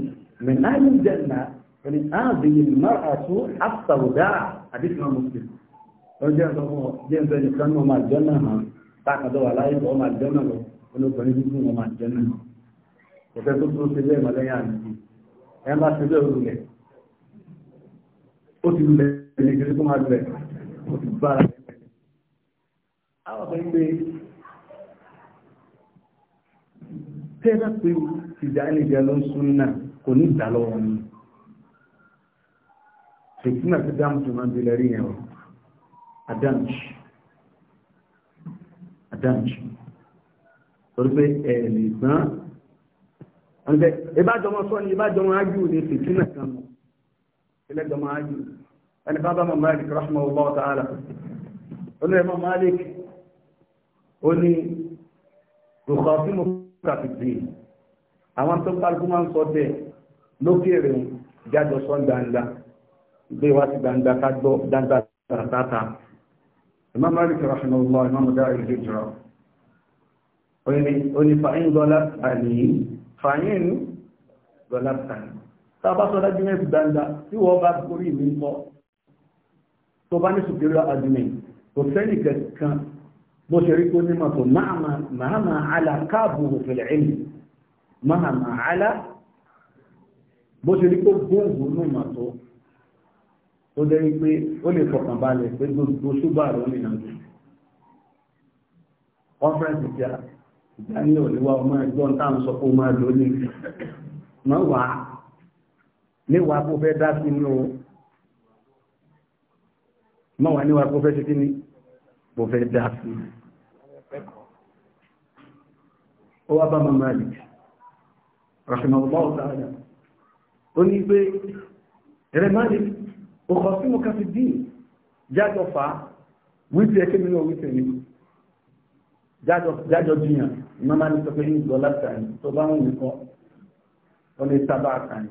min ahli al-janna ó ní hadhihi al-mar'atu as-sawdaa hadith Muslim ó jẹ́ sọ fún ọ jẹ́ ń sẹ́yìn kan náà máa jẹ́ náà hàn táàkàdọ́ wà láyé kọ́ máa jẹ́ náà lọ olóbìnrin dúdú wọn máa jẹ́ náà kò fẹ́ tó tó ṣe bẹ́ẹ̀ mọ́ lẹ́yìn àdìsí ẹ bá ṣe bẹ́ẹ̀ rúlẹ̀ ó ti rúlẹ̀ ẹni kiri tó máa rúlẹ̀ ó ti bára àwọn ọ̀gbẹ́ ń gbé tẹ́lá pé ìdánilẹ́jẹ́ ló ń sún náà kò ní ìdálọ́wọ́ ni fìtínà ti dáhùn tó máa ń bilẹ̀ rí yẹn o adáǹtì adáǹtì torí pé ẹ̀ lè gbọ́n ọ̀nbẹ ìbájọmọ sọ ni ìbájọmọ ájú ni fìtínà kan mọ̀ ájú ẹni bá bá mọ̀ Malik rahmahu Allah ta'ala olóyè mọ̀ Malik ó ní rùkọ̀ tí mo kàfìdì àwọn tó kálukú máa ń sọ bẹ́ẹ̀ lókèrè jájọ sọ gbangba gbé wá sí gbangba ká gbọ́ gbangba tààtà imam malik rahimahullah imam dari hijra ó ní fàáyín dọ́là àní fàáyín dọ́là àní tàbá sọ dájú mẹ́sì dáadáa tí wọ́n bá bó ṣe rí kó ní mọ̀tò máàmà àlà káàbùrù fìlẹ̀ ẹ̀mí máàmà àlà bó ṣe rí kó gbóǹgbò ní mọ̀tò tó dẹ́ pé ó lè fọkàn balẹ̀ pé gbogbo ṣúgbà rẹ̀ ó lè nàá conference ìjà ìjà ní òníwá ọmọ ẹgbọ́n táwọn sọ pé ó máa lò ní máa níwàá kó fẹ́ dá sí ní o máa níwàá kó fẹ́ ṣe kí ni mo fẹ́ dá sí ó wá bá mama Malik rahimahullah ta'ala ó ní pé ẹ̀rẹ̀ Malik ó kọ̀ sí mo ká fi dín jájọ fa wípé ẹkẹ́ mi náà wípé mi jájọ díyàn mama Malik sọ pé ní ìgbọ́lá tàn tó bá wọn nìkan wọ́n lè sábà kàn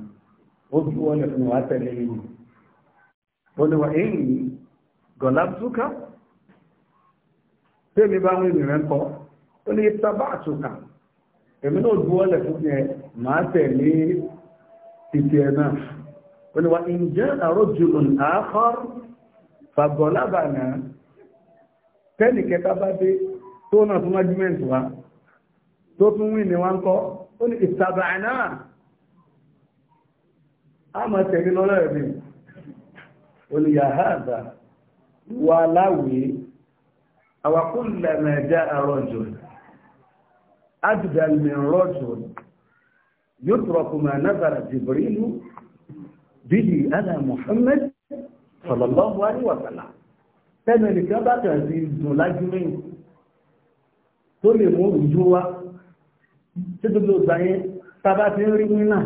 ó ju wọ́n lè fún wa tẹ̀lé yìí ó ní wọ́n èyí gọ̀lá tẹ́mi bá wọn ènìyàn ń kọ́ ó ní sábà àtúnkà èmi náà dúró lẹ̀ fún yẹn màá tẹ̀lé títí ẹ̀ náà ó ní wa ǹjẹ́ àròjù àákọ́ fàgọ́lábànà tẹ́nì kẹta bá dé tó náà fún argument wa tó tún wí ni wọ́n kọ́ ó ní ìtàbà náà a máa tẹ̀lé lọ́lọ́ ẹ̀mí ó ní yàhádà wà láwìí أوكلما جاء رجل أبدل من رجل يترك ما نزل جبريل به على محمد صلى الله عليه وسلم tẹ́nu nìkan bá kàn sí dùn lájú mẹ́yìn tó lè mú ìjú wá tí gbogbo ìgbà yẹn tábà ti ń rí nínà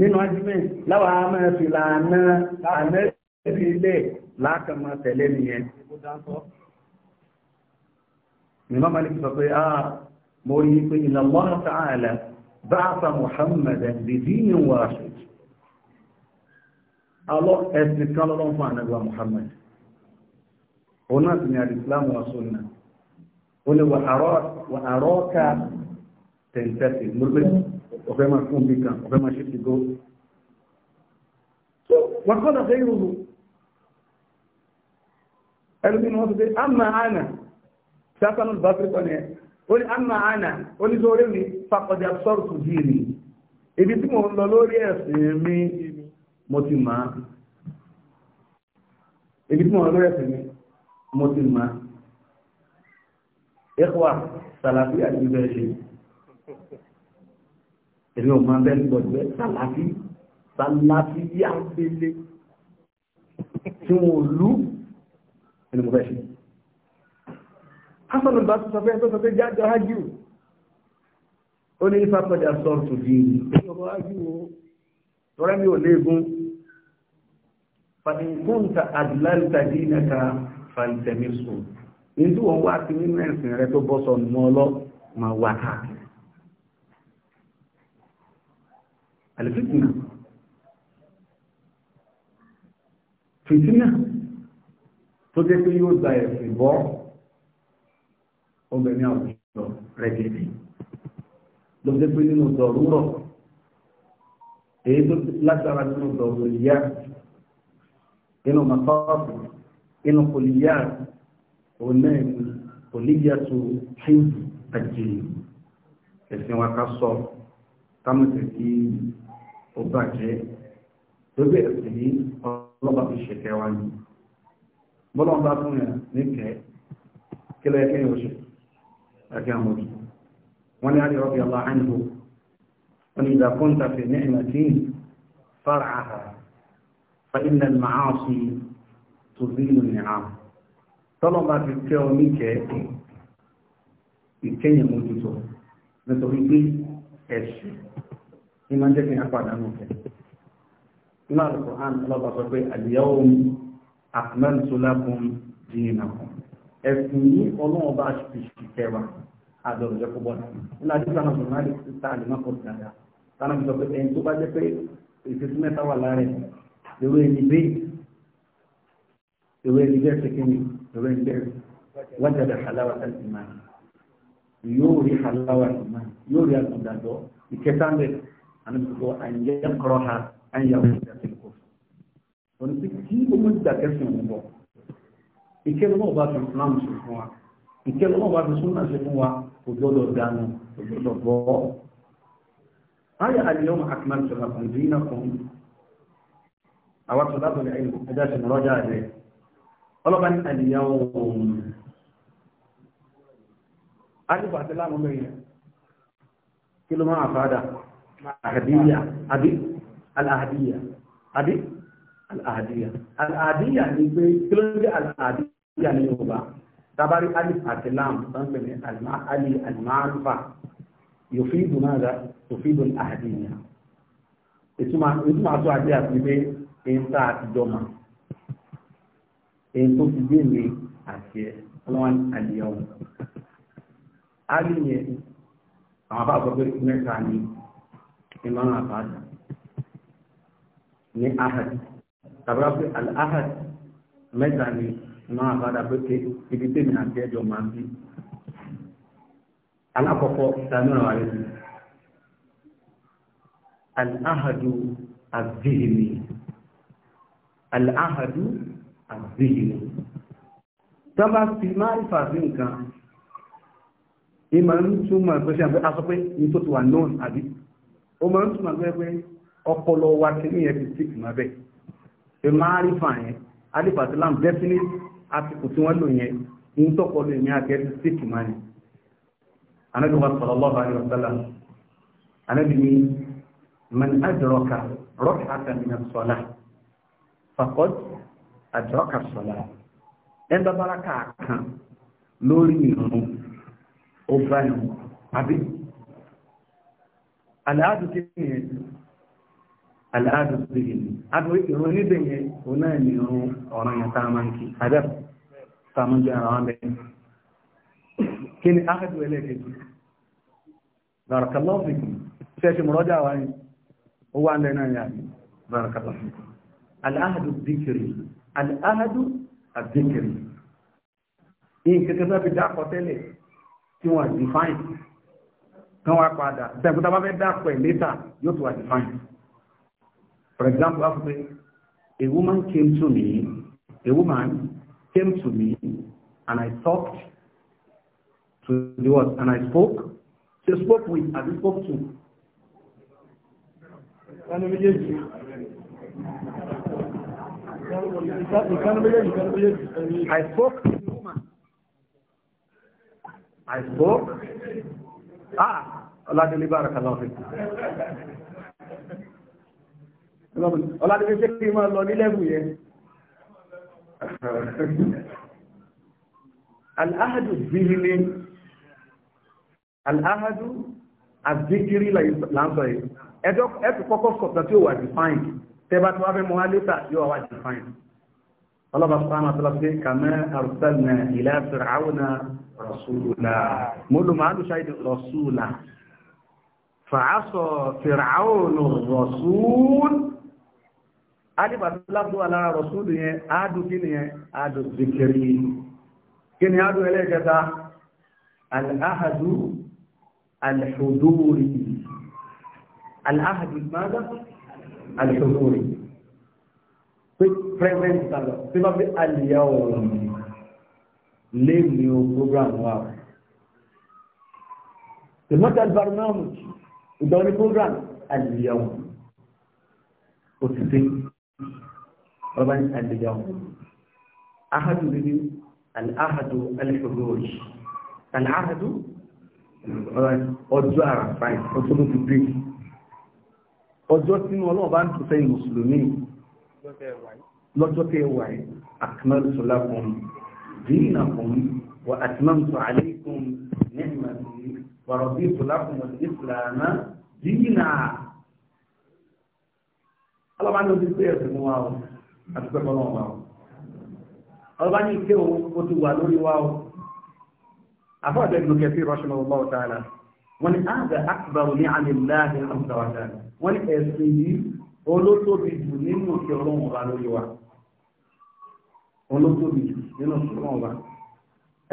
nínú ajímẹ̀ láwọn àmọ́ ìfìlà àná àná ìfìlẹ̀ lákàmọ́ tẹ̀lé nìyẹn. Imam Malik sọ pé ah mo rí i pé inna Allah ta'ala ba'atha Muhammadan bi dinin wahid alọ́ ẹ̀sìn kan lọ́lọ́ fún ànàgbà Muhammad òun náà sì ni al-Islam wa sunna ó ní wà àrọ́ọ̀ká tẹ̀ǹtẹ̀sì lórí sasanu basiri kɔni yɛ ó ní ama ana ó ní sori mi fakɔdi absorb to diiri ibi tí mo lọ lórí ẹ̀sìn mi mo ti mọ̀ ibi tí mo lọ lórí ẹ̀sìn mi mo ti mọ̀ ikhwa salafi àti bẹ́ẹ̀ ṣe èmi ò máa bẹ́ẹ̀ gbọ́dọ̀ bẹ́ẹ̀ salafi salafi yá pélé tí mo lù ẹni mo fẹ́ ṣe hasan al-basi sọ pé ẹ̀tọ́ sọ pé jájọ ájú ó ní ifá pẹ̀lú asọ́ọ̀tù di ìjọba ájú o tọ́rẹ́ mi ò léegun fàdínkúnta àdìláńtà dínàka fàǹtẹ̀mísù nítorí wọn wá sí nínú ẹ̀sìn rẹ tó bọ́ sọnù mọ́ ọlọ́ máa wá káàkiri àlìfíìnà fìtínà tó jẹ́ pé yóò gba ẹ̀sìn bọ́ obìnrin àwùjọ rẹ̀gẹ̀dẹ̀ ló dé pé nínú dọ̀rúrọ̀ èyí tó lágbára nínú dọ̀rúrìyà inú mọ́tọ́ọ̀sì inú kòlíyà òní kòlíyà tó ṣíńtì àjèyí ẹ̀sìn wa ká sọ támọ̀tẹ̀ kí ó bàjẹ́ lórí ẹ̀sìn yìí ọlọ́ba fi ṣẹ̀kẹ́ wa ni bọ́lá ń bá fún yàn níkẹ́ kí lóye kéèyàn ó ṣe àti àmójú wọ́n ní àrí rọ́bì ọlá àìnbó wọ́n ní ìdá kọ́ńtà fi ní ìmọ̀ tí fara àhà fa ilẹ̀ màá sí tòzílù ní àmà tọ́lọ́ bá ti kẹ́ ọ níkẹ́ ìkẹyìn mójútó nítorí pé ẹ̀sìn ní máa jẹ́ kí n apàdánù kẹ́ nínú àlùkò hàn sọ pé àdìyàwó akmaltu lakum dinakum ẹ̀sìn yìí ọlọ́run bá ṣe ṣiṣẹ́ wa àdọ̀rọ̀ jẹ́ kó bọ́ náà nínú àdúgbò àwọn ọmọ náà ta lè má kọ́ dáadáa tánà bí sọ pé ẹni tó bá jẹ́ pé ìfẹ́sí mẹ́ta wà lára ẹ̀ ìwé ẹni bẹ́ẹ̀ ìwé ẹni bẹ́ẹ̀ ṣe kíni ìwé ẹni bẹ́ẹ̀ wájà dà halawa tàbí máa yóò rí halawa tàbí máa yóò rí àgùndàdọ́ ìkẹta mẹ́ ìkẹ́lọ́mọ̀ bá fi islam ṣe fún wa ìkẹ́lọ́mọ̀ bá fi súnà ṣe fún wa kò gbọ́dọ̀ dànù kò gbọ́dọ̀ bọ́ ayé àlèyàn akmal sọ̀rọ̀ kan dì iná kan àwọn sọ̀rọ̀ àbọ̀lẹ̀ ẹ̀yìn kò kọjá sí mọ́rọ́jà rẹ̀ ọlọ́ba ní àlèyàn òun alùpàá ti láàmú mẹ́rin kí ló máa fàdà àhàdíyà àbí àhàdíyà àbí àhàdíyà àhàdíyà ni pé kí ló ń jẹ́ àhàdíyà ìyá ní yorùbá tabari alif àti lam sanfẹ ní ali alimarufa yòfin dunada yòfin dun ahadiya ìtumọ̀ ìtumọ̀ àti àti àti pé èyí tá a ti dọ́mà èyí tó ti dé mi àti ẹ ọlọ́wọ́n àlìyàwó alìyẹ àwọn bá sọ pé mẹ́ta ni ìmọ̀ràn àbájá ní ahad tàbí wá pé al ahad mẹ́ta ni. máa padà pété ibi tèmi àti ẹjọ máa ń bí alákọ̀ọ́kọ́ ìdámẹ́ràn wáyé ni aláhàdù àbíhìmì aláhàdù àbíhìmì tọ́ba fi máa ń fà sí nǹkan ìmọ̀ ń túmọ̀ pé ṣe àpé aṣọ pé ní tó ti wà náà àbí ó máa ń túmọ̀ pé pé ọpọlọ wa ti ní ẹbí six máa bẹ̀ ṣe máa rí fà yẹn definite àsìkò tí wọ́n lò yẹn ní tọ́pọ̀lù èmi àgẹ́sí síkì máa ní anábì wa sallallahu alaihi wa sallam anábì ní man adroka rak'atan min as-salah adroka adraka as ka bá bára kan lórí ìrún ó bá ìrún àbí aláàdùn sí ìlú ìrún níbẹ̀ yẹn òun náà ní irun ọ̀ràn yẹn tá a máa ń kí adẹ́ tá a máa ń jẹ ara wọn bẹ́ẹ̀ kí ni ákàtú ẹlẹ́ẹ̀kejì barakallahu fikum ṣẹ́ṣe mọ̀rọ́jà wa ni ó wà ń bẹ náà yàrá barakallahu fikum aláàdùn dìkìrì aláàdùn àdìkìrì define kan wá padà tẹ̀kútà bá fẹ́ dákọ ẹ̀ létà yóò tó wà define For example, a woman came to me, a woman came to me, and I talked to the word, and I spoke. She spoke with, and I spoke to. I spoke to the woman. I spoke. Ah, Allah deliver barakallahu ọládébé ṣe kí máa lọ nílẹ́bù yẹn aláhàdù zíhìlì aláhàdù àzíkiri láńsọ yìí ẹ̀tù kọ́kọ́ sọ̀tà tí ó wà defined tẹ́bà tí wọ́n fẹ́ mọ́ alẹ́ta yóò wà defined ọlọ́bà sọ́nà tọ́lọ́pẹ́ kàmẹ́ àrùsẹ́lẹ̀ ilẹ̀ fìràwọ̀nà rọ̀súlà mọ́lùmọ́lù ṣáìdì rọ̀súlà fàásọ̀ fìràwọ̀nà rọ̀súlà adìbàtúlábù alára rọ̀súlù yẹn áàdù kí ni yẹn áàdù zikiri kí ni áàdù ẹlẹ́gẹta aláhàdù alhùdúrí aláhàdù mada alhùdúrí present tàbí tí wọ́n fi alìyà ọ̀rọ̀ lè ní o program wa tìmọ́tà albarnamu program alìyà ọ̀rọ̀ ọlọ́run àdìyàwó عهد bíbí aláhadu alẹ́kọ̀ọ́rọ́ọ̀ṣì العهد، ọjọ́ àràfáì ọjọ́ ló ti bí ọjọ́ sínú ọlọ́run bá ń tún sẹ́yìn mùsùlùmí lọ́jọ́ tẹ́ wà ẹ́ akmalu lakum dinakum wa atmamtu alaykum ni'mati wa raditu lakum al-islama dina ọlọ́bá ní ojú pé ẹ̀sìn mú wa o àti pẹ́ fọ́lọ́wọ́ wa o ọlọ́bá ní ike o ó ti wà lórí wa o àfọ́ọ̀dẹ́ ìlú kẹfì rọ́ṣùn ọlọ́wọ́ tààlà wọ́n ní àgbà akbar ní àmìláàdì àmìláàdì wọ́n ní ẹ̀sìn yìí olótóbi jù nínú kí ọlọ́wọ́ wa lórí wa olótóbi jù nínú kí ọlọ́wọ́ wa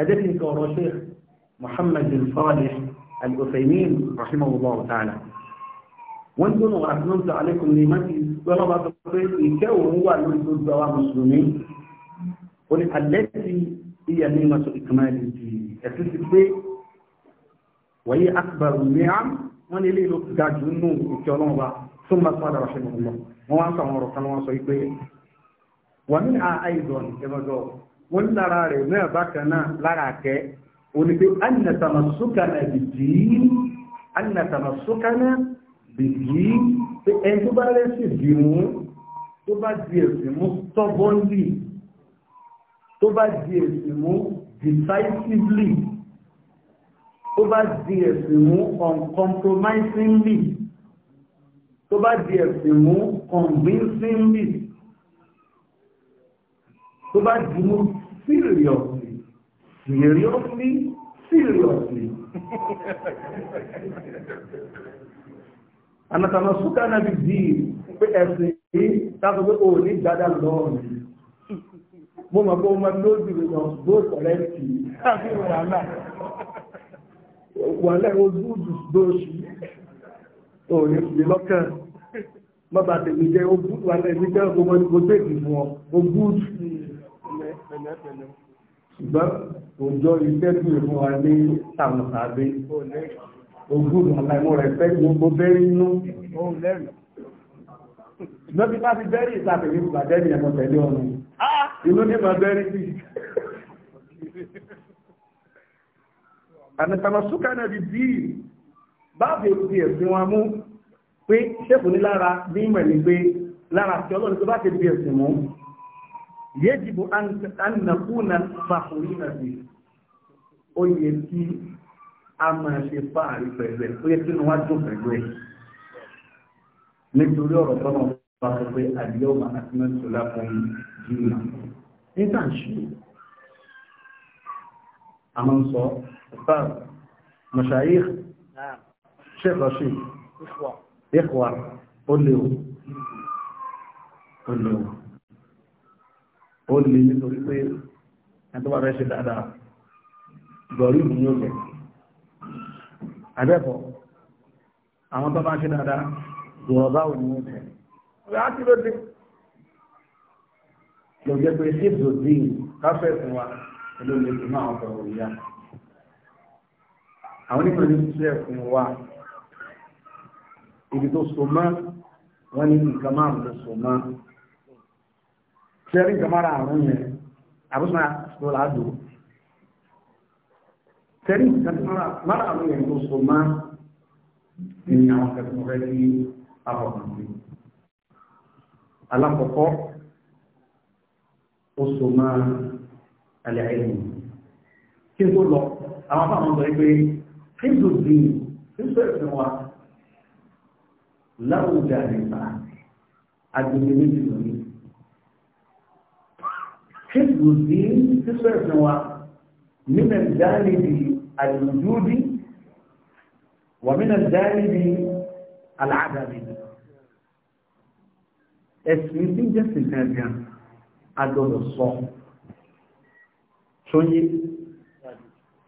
ẹ̀dẹ́ fi nǹkan ọ̀rọ̀ ṣe Muhammad bin Salih al-Uthaymeen rahimahullah wọ́n tí ó nà wàrà fún àlékún ní mọ́tí lọ́nà bá sọ pé ìkẹ́ òun wà lórí tó gba wa mùsùlùmí ó ní alẹ́ ti ìyà ní ìmọ̀tò ìkàmá ti ẹ̀sì ti pé wàyí akbar mìíràn wọ́n ní ilé ìlú ga bìbí pé ẹni tó bá lẹ́sìn bì mú tó bá di ẹ̀sìn mú stubbornly tó bá di ẹ̀sìn mú decisively tó bá di ẹ̀sìn mú uncompromisingly tó bá di ẹ̀sìn mú convincingly tó bá di mú seriously seriously seriously. ànàtàmà súkà náà bí pe pé ẹ̀sìn yìí tàbí pé o ní gbádà lọ́wọ́ mi mo mọ̀ pé o máa ló jù lọ bó sọ̀rẹ́ tì í àbí wàhálà wàhálà ojú jù lóṣù o ní fi lọ́kàn bàbá tèmi jẹ́ o bú wàhálà èmi jẹ́ o mọ̀ o tẹ̀ dì fún ọ o bú ṣùgbọ́n òjò iṣẹ́ bí ìfún wa ní tàmùsàbí ogún àlàìmọ́ rẹ̀ fẹ́ gbogbo bẹ́rí inú ohun lẹ́rìn lọ́bí bá fi bẹ́rí ìsàfẹ̀lẹ́ ìgbàdẹ́rì ẹ̀mọ̀ tẹ̀lé ọ̀nà ah! inú ní ma bẹ́rí sí àmìtàmà súnkà náà di bí báàbì ti ẹ̀sìn wọn mú pé ṣẹ́kù ní lára ní ìmọ̀ ní pé lára tí ọlọ́run tó bá ti di ẹ̀sìn mú yéjìbò ànàkúnà fàkùnrin náà sí ó yẹ kí a máa ṣe fáàrí pẹ̀lú ẹ̀ ó yẹ kí wọ́n dùn pẹ̀lú ẹ̀ nítorí ọ̀rọ̀ tọ́nà bá sọ pé àdìyẹ ọmọ àtúnṣe lápọn jùlọ nígbà ṣe a máa ń sọ ọ̀pá mọ̀ṣáyé ṣẹ́kọ̀ọ́ṣì ìkọ̀wà ó léwu ó léwu ó lè nítorí pé ẹni tó bá fẹ́ ṣe dáadáa gọ̀rí ìmúyọ̀gẹ̀ẹ́ àbẹ́fọ́ àwọn tó bá ṣe dáadáa zọ̀rọ̀ báwo ni wọ́n tẹ̀ ọ̀rẹ́ á ti ló dé lọ jẹ́ pé ṣé zòdì káfẹ́ fún wa ló lè fi máa ọ̀rọ̀ òyà àwọn onímọ̀ ní sílẹ̀ fún wa ibi tó so mọ́ wọ́n ní nǹkan márùn tó so mọ́ ṣẹ́rí nǹkan márùn àrùn yẹn àbúṣe máa sọ tẹ́lẹ̀ ìtàkùnmọ́ra lára àwọn èèyàn tó so máa ní àwọn akẹ́kọ̀ọ́ rẹ̀ ní àbọ̀kùnrin alákọ̀ọ́kọ́ ó so máa alẹ́ àìlú kí n tó lọ àwọn afáàmọ́ sọ pé kí n tó dín kí n tó ẹ̀sìn wa láwùjọ àdìsá agbègbè méjì lónìí kí n tó dín kí n tó ẹ̀sìn wa nínú ìdánilẹ́bí الوجود ومن الجانب العدمي ẹ̀sìn tí ń jẹ́ sìnkẹ́bíà agbọ́dọ̀ sọ ṣóyé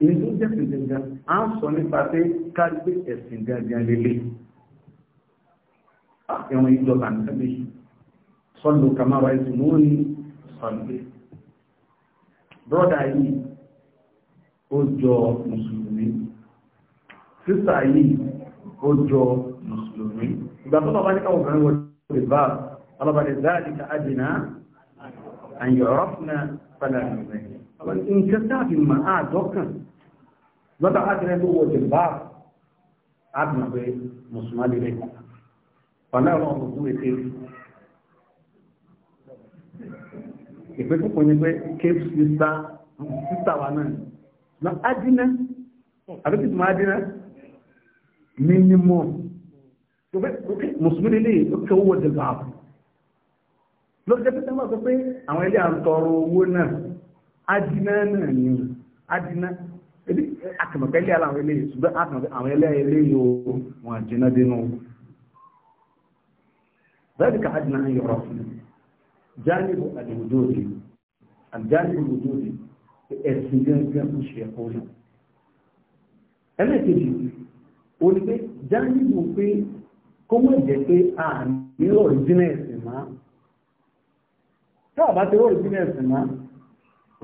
èyí tó jẹ́ sìnkẹ́bíà a ń sọ nípa pé kágbé ẹ̀sìn gẹ́gẹ́ lélẹ̀ ẹ̀wọ̀n ìjọba nìkẹ́bí sọ́lù kàmáwà ìtùmọ́ ní sọ́lù brọ́dà yìí ó jọ mùsùlùmí sísà yìí ó jọ mùsùlùmí ìgbà tó bàbá ní káwọn obìnrin wọ ìbá ọlọ́bà ní dáàdì ká ọ̀rọ̀fúnà cape náà ma'adina àbí kìtù ma'adina minimum mùsùlùmí lè kí owó dìbò àpò lọ́jọ́ pé sọ́wọ́ sọ pé àwọn ilé àtọrọ owó náà adina náà ni adina ebi akàmọ̀kẹ́ ilé àwọn ilé ṣùgbọ́n akàmọ̀kẹ́ àwọn ilé ilé yóò wọn jìnnà dínú ذلك أدنى أن يعرفنا جانب الوجود الجانب الوجودي ẹ̀sìn gẹ́gẹ́ ń ṣe ẹ̀kọ́ náà ẹlẹ́kejì o ní pé jáníbù pé kó mọ̀ jẹ́ pé a ní ọ̀ríjínẹ̀sì máa táà bá ti ọ̀ríjínẹ̀sì máa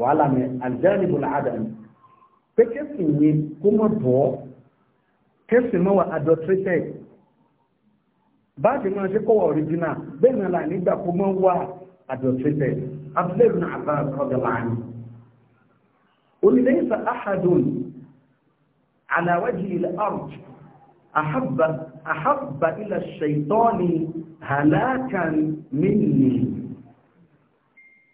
wàhálà mẹ́ àjánibù làádà ni pé kẹ́sì yẹn kó mọ̀ bọ́ kẹ́sì mọ́ wà adulterated báàdì máa ṣe kọ́wọ́ ọ̀ríjínà bẹ́ẹ̀ náà nígbà kó mọ̀ wà adulterated abúlé ìrìn àbá ọ̀dọ̀ láàrin ليس أحد على وجه الأرض أحب, أحب إلى الشيطان هلاكا مني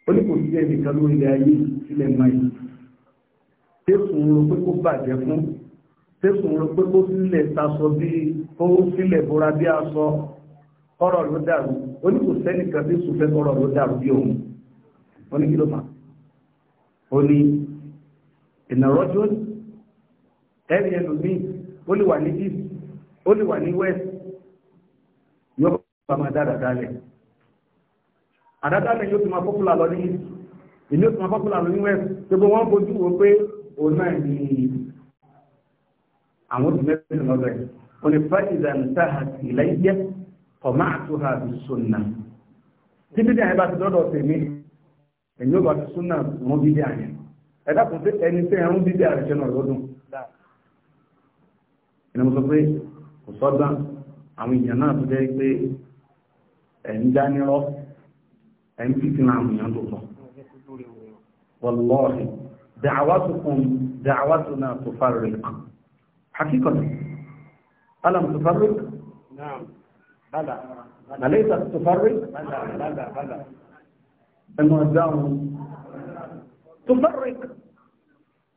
oníkòsí ẹni kan lórí ilẹ̀ ayé sílẹ̀ mọ́ẹ̀ tẹ́sùn ro pé kó bàjẹ́ fún tẹ́sùn ro pé kó sílẹ̀ tasọ bí kó sílẹ̀ bóra bí aṣọ kọ́rọ̀ ló dàrú oníkòsí ẹni kan tẹ́sùn fẹ́ kọ́rọ̀ ló dàrú bí òun oníkìlọ́mà ó ní ìnàrọ́jọ́ ẹ̀rí ẹlòmíì ó lè wà ní east ó lè wà ní west yóò bá máa dá àdádálẹ̀ àdádálẹ̀ yóò tún máa pọ́pùlà lọ ní east ìlú yóò tún máa pọ́pùlà lọ ní west gbogbo wọn bójú wo pé òun náà ní àwọn òbí mẹ́rin lọ́dọ̀ ẹ̀ wọ́n lè fẹ́ ìdàǹtà àti ìlẹ́yẹ ọ̀má àtúhà àbí sunna tí bídí àyẹ̀bá ti lọ́dọ̀ tèmi ẹ̀yìn ó ti sunna mọ́ bídí àyẹ̀ ẹ̀dá kò sí ẹni tí ẹ̀rún dídí ààrẹ ṣe náà lọ́dún ẹni mo sọ pé kò sọ́dán àwọn èèyàn náà tó jẹ́ pé ẹ̀ ń dá nírọ́ ẹ̀ ń fìtì náà àwọn èèyàn tó sọ wọlọ́ọ̀hì dàwátùkùn dàwátùnà tó fárẹ̀ kan hakikọ̀tì alam tó fárẹ̀ أليس تفرق؟ بلى بلى بلى المؤذن تفرق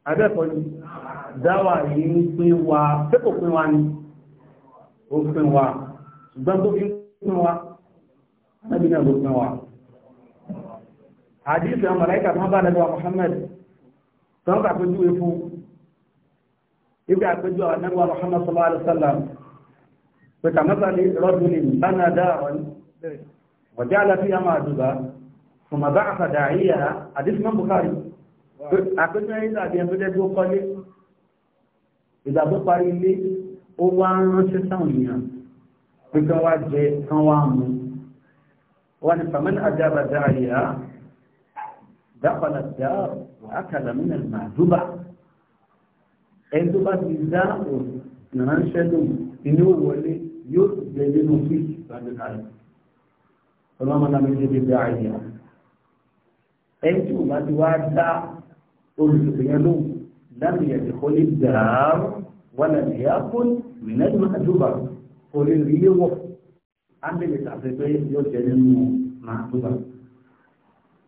abẹ́kọ̀ọ́ ni dáwà yìí ń pín wa pẹ́kọ̀ pín wa ni ó pín wa ṣùgbọ́n tó fi pín wa Ànábì náà ló pín wa àdíṣẹ́ àwọn màláíkà tó bá lẹ́gbà Muhammad tó ń kàpéjú fún ibi àpéjú àwọn nẹ́gbà sallallahu alaihi wasallam pé kàmẹ́sàlì rọ́dúnlẹ̀ àpẹẹrẹ yìí tàbí ẹni tó jẹ́ tó kọ́lé ìgbà tó parí ilé ó wá ń ránṣẹ́ sáwọn èèyàn pé kí wọ́n wá jẹ kí wọ́n wá mú wọ́n ní pàmẹ́lì àjábà dáàyà dápàlà dáà àkàlà mí nàìjíríà ẹni tó bá ti dá ìránṣẹ́ lòun inú wọlé yóò jẹ nínú fíìsì lábẹ́ kalẹ̀ ọlọ́mọdé méjèèjì dáàyà ẹni tí ò bá ti wá dá olùsèyàn ló láti yẹ̀dẹ̀ kó lè dàárù wọn àti ìyá fún ìrìnàjò àdúgbà kò lè rí yé wọ̀ á ń bèèrè tàbí pé yóò jẹ́ nínú màdúgbà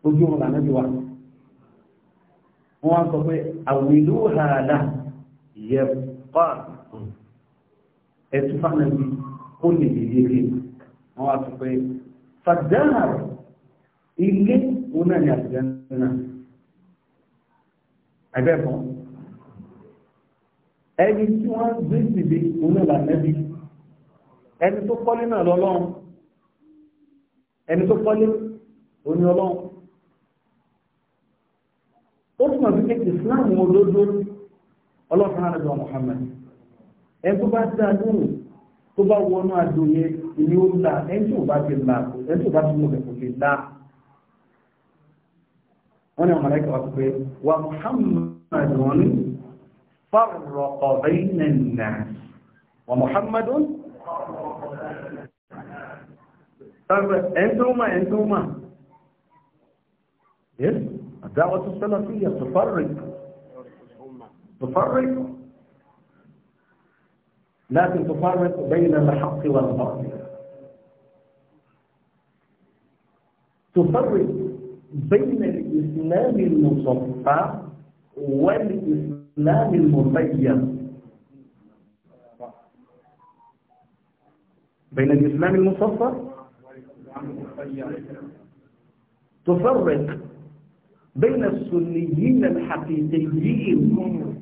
ojú wọn lànà bí wà wọn wá sọ pé àwìlú hàdà yẹ pa ẹtù fáwọn ẹbí kó lè lè yege wọn wá sọ pé fàdáhà ilé wọn náà ní àtijọ́ náà ẹgbẹ́ kan ẹni tí wọ́n ń gbé síbi onílà nẹ́bí ẹni tó kọ́lé náà lọ́lọ́run ẹni tó kọ́lé oní ọlọ́run ó túnmọ̀ sí pé Islam olódó ọlọ́run àrẹ wa Muhammad ẹni tó bá dá lóhùn tó bá wọnú àdóyè ìní ó ẹni tí bá ti là ẹni tí bá ti mọ̀ kẹ̀kọ́ ti là. wọ́n ní ọmọlẹ́kà wá pé wà muhammadun farraqa bayna an-nas wà muhammadun ẹ̀ntúmà ẹ̀ntúmà yes الدعوة السلفية تفرق تفرق لكن تفرق بين الحق والباطل تفرق بين الإسلام المصفى والإسلام المبين بين الإسلام المصفى تفرق بين السنيين الحقيقيين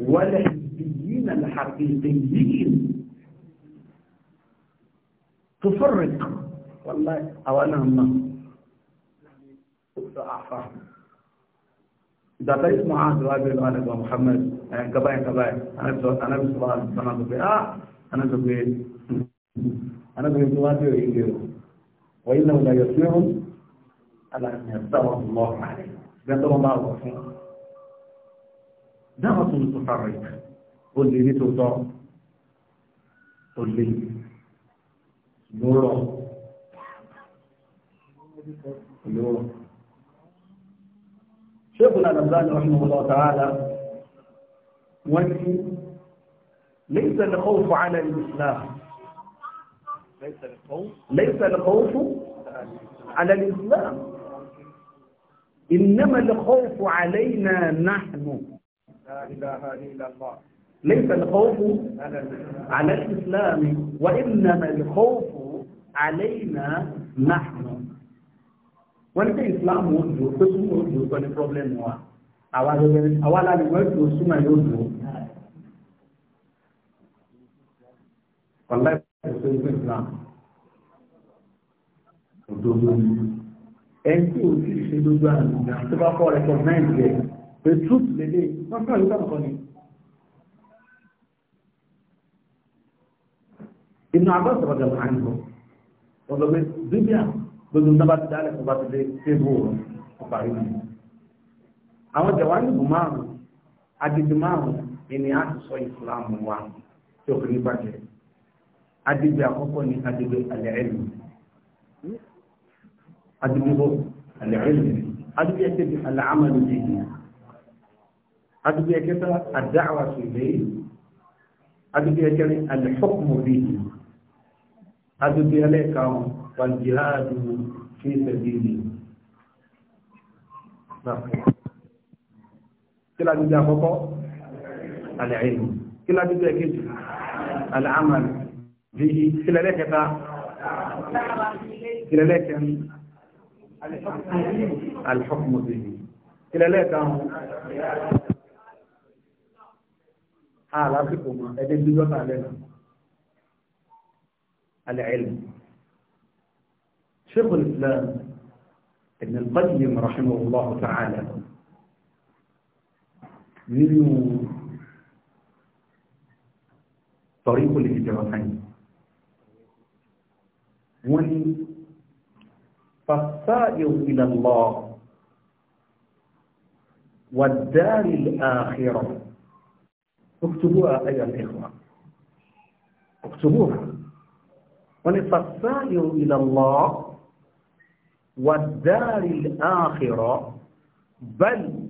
والحزبيين الحقيقيين تفرق والله أولهم ضعفا إذا تجد معاذ رابي الغالب ومحمد كباية كباية أنا بسوات أنا بسوات أنا بسوات أنا بسوات أنا بسوات وإيجيرو وإنه لا يصير على أن يستوى الله عليه يتوى الله فيه دعوة متحرك قل لي نتوضع قل لي نورا نورا شيخنا الألباني رحمه الله تعالى وانتي ليس الخوف على الإسلام ليس الخوف ليس الخوف على الإسلام إنما الخوف علينا نحن لا إله إلا الله ليس الخوف على الإسلام وإنما الخوف علينا نحن wọ́n pé islam ó dùn pé súnmọ́ ó dùn sọ problem wa àwa lọ́wọ́ àwa lálẹ́ wọ́n dùn súnmọ́ yóò dùn. wàlá ìpèsè ìlú islam òdodo ni ẹni tí o ti ṣe lójú àná tó bá kọ́ recommend rẹ̀ the truth lele wọ́n fẹ́ràn yóò kọ́ ni. Ibn Abbas sọ̀rọ̀ jàmbá àná lọ. Wọ́n lọ bẹ bíbí àná gbogbo tó bá ti dálẹ̀ tó bá ti dé tébù ọ̀pá rí mi. àwọn jẹ̀wá nìbò márùn-ún agidi márùn-ún ni a ti sọ ìsìlámù wa tí ó fi ní bàjẹ́. agidi àkọ́kọ́ ni agidi alẹ́ ẹ̀lú. agidi bó alẹ́ ẹ̀lú. agidi ẹ̀kẹ́ ti alẹ́ amadu yìí ni. agidi ẹ̀kẹ́ tó àdáwà sí ilé yìí. agidi ẹ̀kẹ́ ni alẹ́ fọ́kùnmù bíi. agidi ẹlẹ́ka wọn. والجهاد في سبيله kila gbogbo àkọ́kọ́ alẹ́ẹ̀lú kila gbogbo ẹ̀kejì alẹ́àmàlì bí i kílẹ̀lẹ́kẹta kílẹ̀lẹ́kẹrin alẹ́fọ́kùnmọ̀sílì kílẹ̀lẹ́kẹta àlàáfíkò mọ̀ ẹgbẹ́ gbígbọ́ta alẹ́ẹ̀lú شيخ الإسلام ابن القيم رحمه الله تعالى من طريق الهجرتين ومن فالسائر إلى الله والدار الآخرة اكتبوها أيها الإخوة اكتبوها ومن فالسائر إلى الله والدار الآخرة بل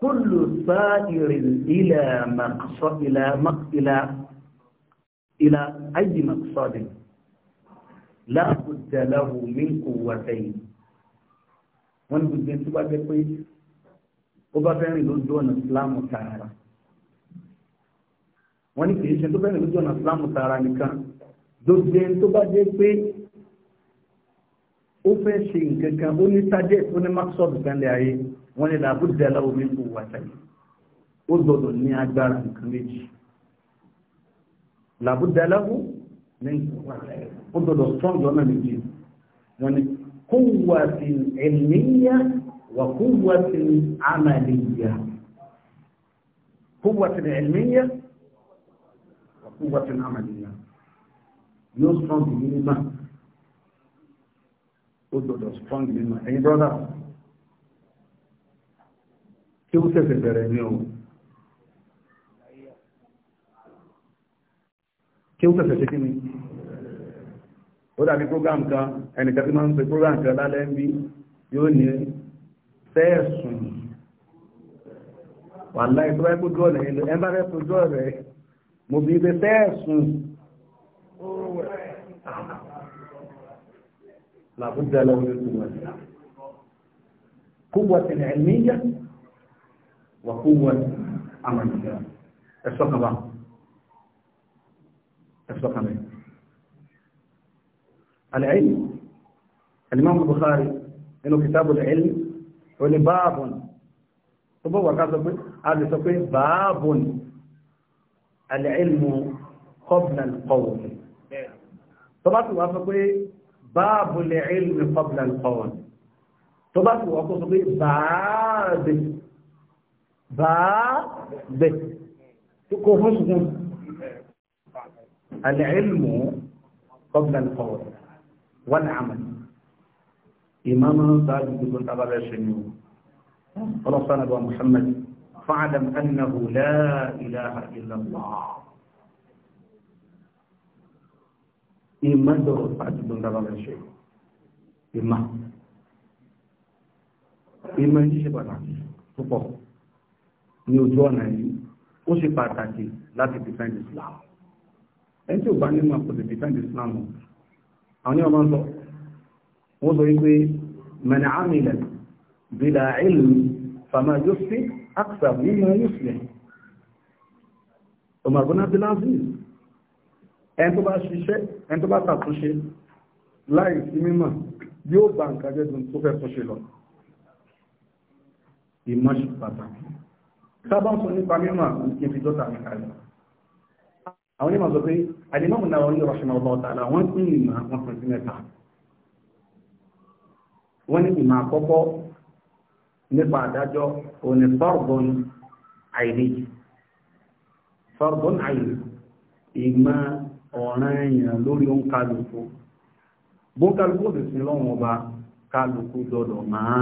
كل سائر إلى مقصد إلى مقصد إلى إلى أي مقصد لا بد له من قوتين wọ́n ní gbogbo ẹni tó bá jẹ́ pé ó bá fẹ́ rìn lójú ọ̀nà ìsìláàmù tààrà wọ́n ní kì í ṣe tó fẹ́ rìn lójú ọ̀nà ìsìláàmù tààrà nìkan gbogbo ẹni tó bá jẹ́ pé ó fẹ́ ṣe nǹkan kan ó ní target ó ní maxwell kan lè ayé wọ́n ní làbújá láwọn omi kò wà tàyè ó gbọ́dọ̀ ní agbára nǹkan méjì làbújá láwọn ní kò wà tàyè ó gbọ́dọ̀ strong lọ́nà méjì wọ́n ní kó wà sí ẹ̀míyà wà kó wà sí àmàlẹ́yà kó wà sí ẹ̀míyà wà kó wà sí àmàlẹ́yà yóò strong ní mímọ́ ó gbọ́dọ̀ strong nínú ẹ̀yin brọ́dà tí ó tẹ̀sẹ̀ bẹ̀rẹ̀ ní o kí ó tẹ̀sẹ̀ ṣe kí ni ó dàbí program kan ẹnìkan tí máa ń pe program kan lálẹ́ ń bí yóò ní fẹ́ẹ̀sùn wà láì tó báyé kójú ọ̀nà ilẹ̀ ẹ bá fẹ́ kójú ọ̀rẹ́ mo bí ibẹ̀ fẹ́ẹ̀sùn لابد له من قوة قوة علمية وقوة عملية الصفحة بقى الصفحة بقى العلم الإمام البخاري إنه كتاب العلم ولي باب طب هو كاتب هذا سوي باب العلم قبل القول طبعا تبقى باب العلم قبل القول طبق وقصدي باب باب تكون سكون العلم قبل القول والعمل إمام قال يقول أبا شنو خلاص أنا محمد فاعلم أنه لا إله إلا الله ìmọ̀ dọ̀rọ̀ àti gbọ́ndàbà rẹ̀ ṣe ìmọ̀ ìmọ̀ yìí ṣe pàtàkì púpọ̀ ní ojú ọ̀nà yìí ó ṣe pàtàkì láti defend Islam ẹni tí ò bá nímọ̀ kò lè defend Islam àwọn ọmọ sọ wọ́n sọ wípé mẹ́nà àmìlẹ̀ bílà ìlú fàmà yóò sí àkùsà Umar bin Abdul Aziz ẹni tó bá ṣiṣẹ́ ẹni tó bá tàtúnṣe láì sí mímọ̀ yóò bá nǹkan jẹ́dùn tó fẹ́ tó ṣe lọ ìmọ̀ṣù pàtàkì sábà ń sọ nípa mímọ̀ ní fi dọ́ta mi kalẹ̀ àwọn onímọ̀ sọ pé àdìmọ́mù náà wọ́n ní ọ̀ṣọ́ ọba ọ̀tà àlà wọ́n pín ìmọ̀ wọn pín sí mẹ́ta wọ́n ní ìmọ̀ àkọ́kọ́ nípa àdájọ́ òní fọ́ọ̀bọ̀n àìní fọ́ọ̀bọ̀n àìní ìmọ̀ ọ̀ràn èèyàn lórí ó ń kálukú bó kálukú sì sin lọ́wọ́n ọba kálukú dọ̀dọ̀ máa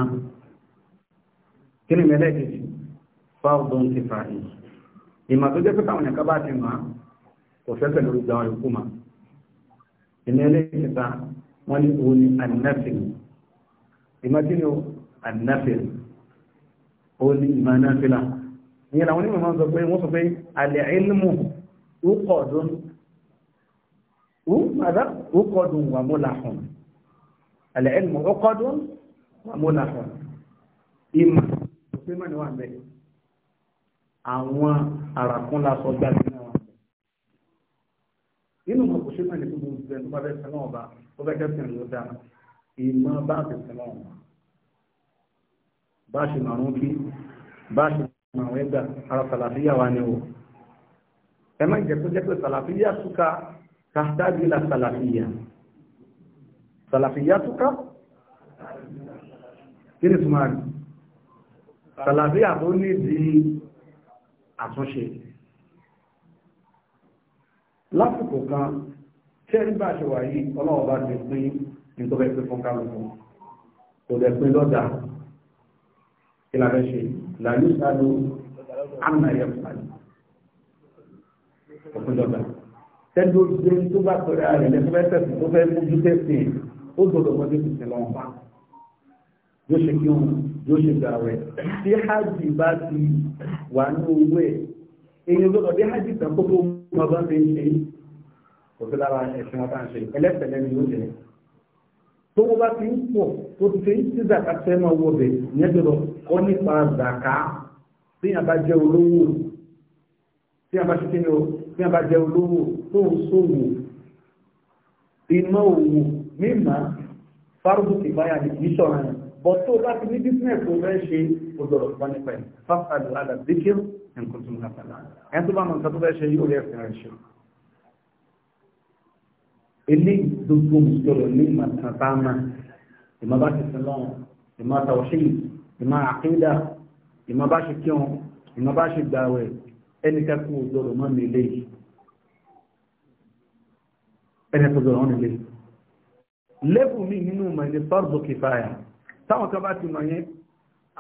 kí ni mẹ́lẹ́kejì fáwọn ti fà yìí ìmọ̀ tó jẹ́ pé káwọn yàn ká bá ti máa kò fẹ́fẹ́ lórí gba ọ̀rọ̀ kú máa ìmọ̀ wọ́n ní òun ni ànáfẹ́ ìmọ̀ kí ni ànáfẹ́ òun ni ìmọ̀ ànáfẹ́ là ìyẹn làwọn onímọ̀ máa ń sọ pé wọ́n sọ pé àlẹ́ ìlmù ó kọ̀ ماذا عقد وملح العلم عقد وملح ìmọ̀ òfin mọ̀ ní wà mẹ́ àwọn àràkún lásọ gbáàgbé náà wà mẹ́ nínú mọ̀ òfin mọ̀ ní gbogbo ìgbẹ́ ní wàbẹ́ sẹ́nà ọba ó fẹ́ kẹ́sìn ló dáa ìmọ̀ bá ti sẹ́nà ọba bá ṣe màrún kí bá ṣe màrún ẹgbà ara sàlàfíyà wa ni o ẹ má jẹ́ tó jẹ́ pé sàlàfíyà túká tàtàbí la sàlàfíyà sàlàfíyà túká kírísmàrí sàlàfíyà tó ní di àtúnṣe lásìkò kan tẹ́rí bá ṣe wà yìí ọlọ́wọ́ bá ti pín ní tó bẹ́ pín fún kálùkù kò dẹ̀ pín lọ́dà ìlànà ṣe àmì àyẹ̀kù àyè òpin lọ́dà tẹ́lú ojú tó bá pẹ̀lú ààrẹ lẹ́fẹ́ mẹ́tẹ̀sì tó fẹ́ mójú tẹ̀sì ó gbọ́dọ̀ mọ́jú tẹ̀sì lọ́wọ́ bá yóò ṣe kí òun yóò ṣe gbà rẹ̀ tí hajj bá ti wà ní owó ẹ̀ èyí gbọ́dọ̀ bí hajj tán kó tó mọ bá fi ń ṣe òfin lára ẹ̀sìn wọn bá ń ṣe ẹlẹ́sẹ̀lẹ́ ni yóò jẹ́ tó wọ́n bá ti ń pọ̀ tó ti fi ń tí zaka fẹ́ máa wọ bẹ̀ yẹn gbọ́dọ̀ kọ́ nípa zaka tí tó ń sòwò iná òwò mímá fárúkú ti báyà ní ìṣọ́ra yẹn bọ̀ tó bá ti ní bísínẹ̀sì tó fẹ́ ṣe ó gbọ́dọ̀ tó bá nípa ẹ̀ fásitì àdá díkìr nǹkan tó ń kàtà náà ẹni tó bá mọ̀ nǹkan tó fẹ́ ṣe yóò rí ẹ̀sìn rẹ̀ ṣe. eléyìí gbogbo ìjọba ní màtàtàmà ìmọ̀ bá ti sin lọ́wọ́ ìmọ̀ tàwọ́ṣì ìmọ̀ àkídà ìmọ̀ bá ṣe kírun ìmọ̀ bá ṣe gbàwẹ̀ ẹnìkan kú mọ́ mi léyìí ẹni tó gbọ́rọ̀ nílé lẹ́bù mi nínú ìmọ̀ ilé fọ́rọ̀bù kìfàyà táwọn kan bá ti mọ̀ yẹn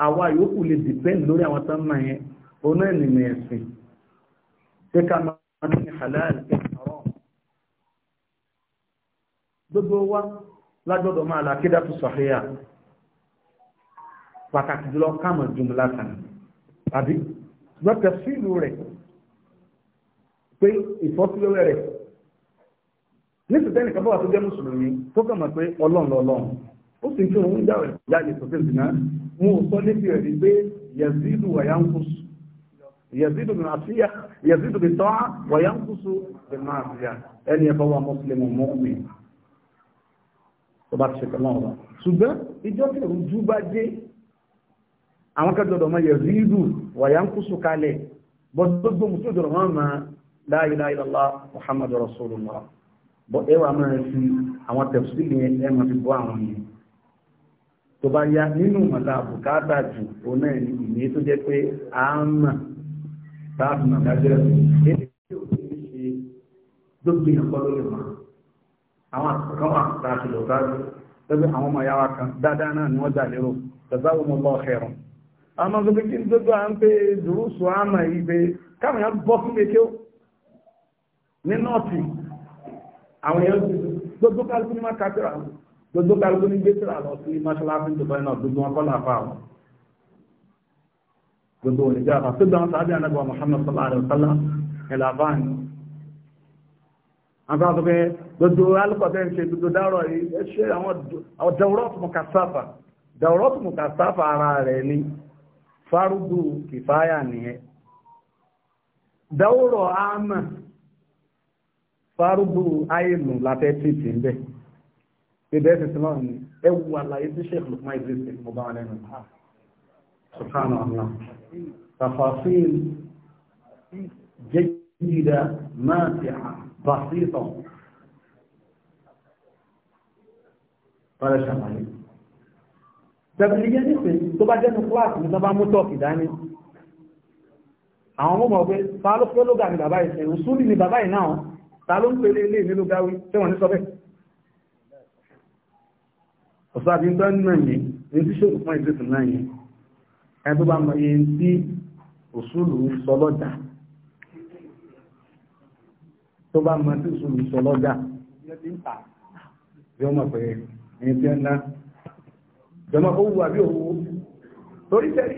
àwa yòókù lè dìpẹ́ǹd lórí àwọn tó ń mọ̀ yẹn oná ènìyàn ẹ̀sìn ṣé ká máa ní halal ṣe ọ̀rọ̀ gbogbo wa lágbọ́dọ̀ máa la kídà tó sọ̀híyà pàtàkì jùlọ káàmọ̀ jùmùlá kan àbí gbọ́tẹ̀ fíìlù rẹ̀ pé ìfọ́síwẹ́wẹ́ rẹ̀ nítorí tẹ́nì kan bá wà tó jẹ́ mùsùlùmí tó kàn mọ̀ pé ọlọ́run lọ́lọ́run ó sì ń kí òun jáwé jáde tó tẹ̀sí náà mo sọ létí rẹ̀ ni pé yazidu wayankus yazidu bin asiya yazidu bin tọ́a wayankusu bin maasiya ẹni ẹ bá wà mùsùlùmí mọ́kùnrin tó bá ti ṣe pẹ̀lú ọ̀rọ̀ ṣùgbọ́n ìjọ tí òun jú bá dé àwọn kẹjọdọ̀ mọ yazidu wayankusu kalẹ̀ bọ́ gbogbo mùsùlùmí jọ̀rọ̀ wọn mọ la ilaha illallah muhammadu rasulullah bọ́ ẹ wà máa fi àwọn tẹ̀sí yẹn ẹ máa fi bọ́ àwọn yẹn tó bá yá nínú mọ̀lá bùkátà jù òun náà ní tó a ń mọ̀ táàbù mọ̀ dájọ́ ẹ̀ tí ò ní ṣe gbogbo yẹn kọ́ lórí mọ̀ àwọn kan wà tá a ti lò sáájú lọ́gbẹ́ àwọn ọmọ yàrá kan dáadáa náà ni wọ́n dà lérò mo àwọn àwọn èèyàn ti gbogbo kálukú ní má kátìrà wọn gbogbo kálukú ní gbẹ́tìrà lọ sí mọ́ṣáláṣí ìjọba náà gbogbo wọn kọ́ làfà wọn gbogbo wọn ìjà àfàṣẹ́ gbọ́n sáájú ànágbà Muhammad sallallahu alaihi wasallam ẹ̀làbá ni àwọn àwọn ọ̀fẹ́ gbogbo alùpàtẹ́ ń ṣe gbogbo dárọ̀ yìí ẹ ṣe àwọn dàwọ́rọ́tù mùkàsáfà dàwọ́rọ́tù mùkàsáfà ara rẹ̀ ni fárúgbù kìfáyà nìyẹn dàwọ́rọ̀ àmà fárúgbù àìmù láfẹ́ tí tì ń bẹ̀. Bíbẹ́ ti sinmi ọ̀hún ẹ wu àlàyé tí Sheikh Lukman Idris ti mú bá wọn lẹ́nu. Subhanahu wa ta'ala. Tafasir jẹ́jìdá máa ti bàṣítọ̀. Tọ́lá ṣàlàyé. Tẹ̀bìlì yẹn ní pé tó bá jẹ́nu kíláàsì ní sábà mú tọ́ọ̀kì dání. Àwọn ọmọ mọ̀ pé, ta ló fẹ́ lóga bàbá yìí ṣe, òṣùlì ni bàbá yìí náà ta ló ń pèlè ilé ìlú gáwí tí wọ́n ní sọ bẹ́ẹ̀ ọ̀sáàbí ń tán náà yìí ní tí ṣòkò fún ìdíkùn náà yìí ẹni tó bá mọ iye tí òṣùlù ń sọ lọ́jà tó bá mọ tí òṣùlù ń sọ lọ́jà yọmọ pé ẹni tí ń ná jọmọ ó wù àbí òwú torí tẹ́lẹ̀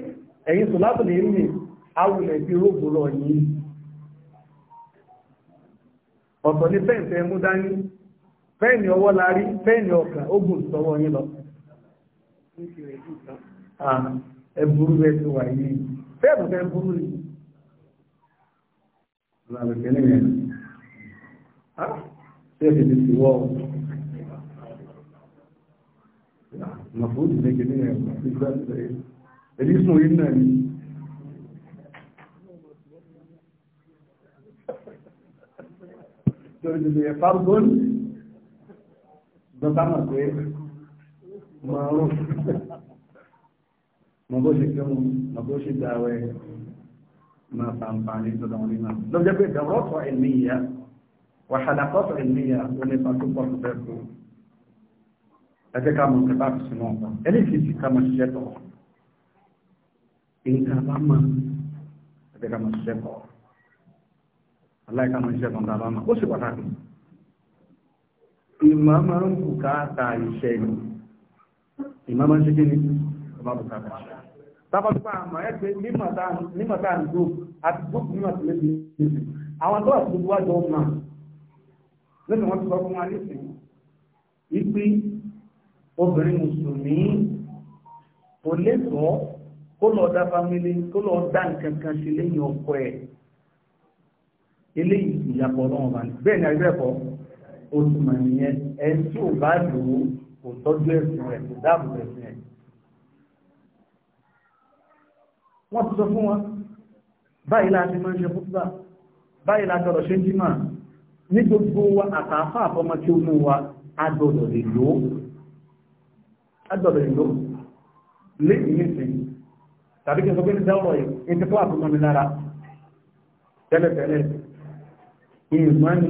ẹ̀yin ọ̀tọ̀ ní fẹ́ǹfẹ́ mú dání fẹ́ẹ̀nì ọwọ́ la rí fẹ́ẹ̀nì ọkàn ogun sọwọ́ yín lọ ẹ̀bùrú rẹ̀ ti wà yìí fẹ́ẹ̀bù fẹ́ burú rí lábẹ̀kẹ́ ní ẹ̀ ṣe ti ti wọ́ mọ̀fúrú ti lè gẹ̀ẹ́ ní ẹ̀ torí ti bèèrè fárúgbón dọ́tà mọ̀ pé mọ̀ọ́rùn mọ̀ bó ṣe kírun mọ̀ bó ṣe dáwẹ́ máa fàǹfààní tó dáwọn nínú lọ́jọ́ pé dọ̀rọ̀tọ̀ ìlmíyà wàhálàkọ́tọ̀ ìlmíyà ó nípa tó pọ̀ tó bẹ́ẹ̀ kú ẹgbẹ́ ká mọ̀ nípa tó sinú ọ̀pọ̀ ẹlẹ́sì aláìka máa ń ṣe kan dábàá máa ó sì pàtàkì ìmọ̀ máa ń bùkátà iṣẹ́ ni ìmọ̀ máa ń ṣe kí ni ọba bùkátà iṣẹ́ tábàtúpà àmọ́ ẹ pé nímọ̀ tá à ń dùn àti gbóòkù nímọ̀ tó lébi níbi àwọn tó àti gbogbo àjọ mà lẹ́sìn wọn ti sọ fún wa nísìn wípé obìnrin mùsùlùmí kò lè sọ kó lọ dá fámílì kó lọ dá nǹkan kan sí lẹ́yìn ọkọ ẹ̀ eléyìí ìyàpọ̀ ọlọ́run bá ní bẹ́ẹ̀ ni àríwẹ̀kọ́ oṣù mọ̀ nìyẹn ẹni tí ò bá lò ó kò tọ́jú ẹ̀sìn rẹ̀ kò dáàbò ẹ̀sìn rẹ̀ wọ́n ti sọ fún wọn báyìí láti máa ń ṣe fúnfà báyìí láti ọ̀rọ̀ ṣe ń jímà ní gbogbo wa àtàfà àfọmọ tí ó mú wa agbọ́dọ̀ lè lò ó agbọ́dọ̀ lè lò ó lẹ́yìn nísìn tàbí kí n sọ pé ní dáwọ̀ yìí ètò fún àfọmọ mi lára tẹ́lẹ̀tẹ́lẹ̀ ìmọ̀ni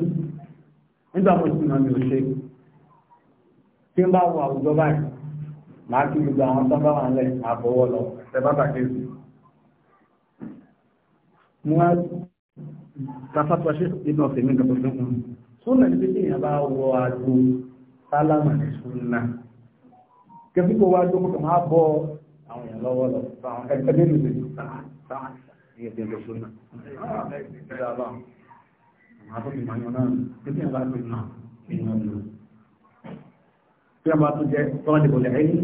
nígbà mo sì mọ̀ mi ò ṣe tí ń bá wọ àwùjọ báyìí màá kí gbogbo àwọn tó bá wà lẹ̀ àbọ̀wọ̀ lọ ẹ bá bàjẹ́ mo wá tafàtúwà ṣe ìbí ọ̀sẹ̀ mi nǹkan tó fún un súnà ní pípé èèyàn bá wọ àgbo sálámà ní súnà kẹfí kó wá dókò tó máa bọ àwọn èèyàn lọ́wọ́ lọ ẹgbẹ́ mi lè sáà sáà ní ẹgbẹ́ mi súnà àwọn tó ti mọ̀ yàn náà tó ti yàn bá ti mọ̀ èèyàn lò. Tí a bá tún jẹ́ tọ́wọ́n ti bọ̀lẹ̀ ẹ̀yìn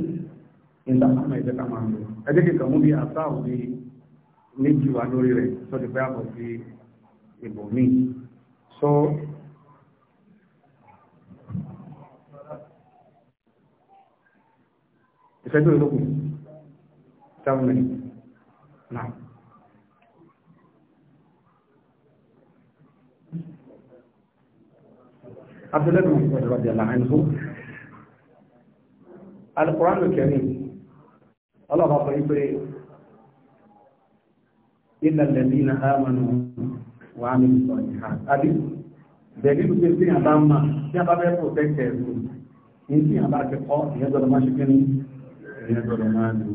ìlà àmọ̀ ìjẹ́ ká máa lò. Ẹ jẹ́ kí kàn mú bí àṣà lórí rẹ̀ tó pẹ́ àbọ̀ sí ìbò míì. Sọ عبد الله بن مسعود رضي الله عنه القرآن الكريم الله بطيب إلا الذين آمنوا وعملوا الصالحات أبي دليل تلقي أباما يقبل بروتكت يسوع إنتي أباك قا يدل ما شكني يدل ما دو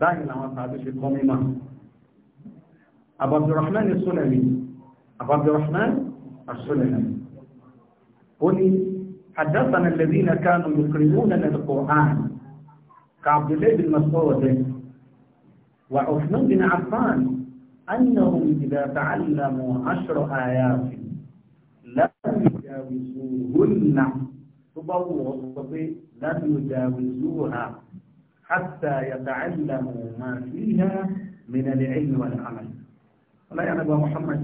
دعنا ما تعرفش قومي ما أبو عبد الرحمن السلمي أبو عبد الرحمن السلمي قل حدثنا الذين كانوا يقرؤون القران كعبد الله بن مسعود وعثمان بن عفان انهم اذا تعلموا عشر ايات لم يجاوزوهن لم يجاوزوها حتى يتعلموا ما فيها من العلم والعمل. الله يعني ابو محمد.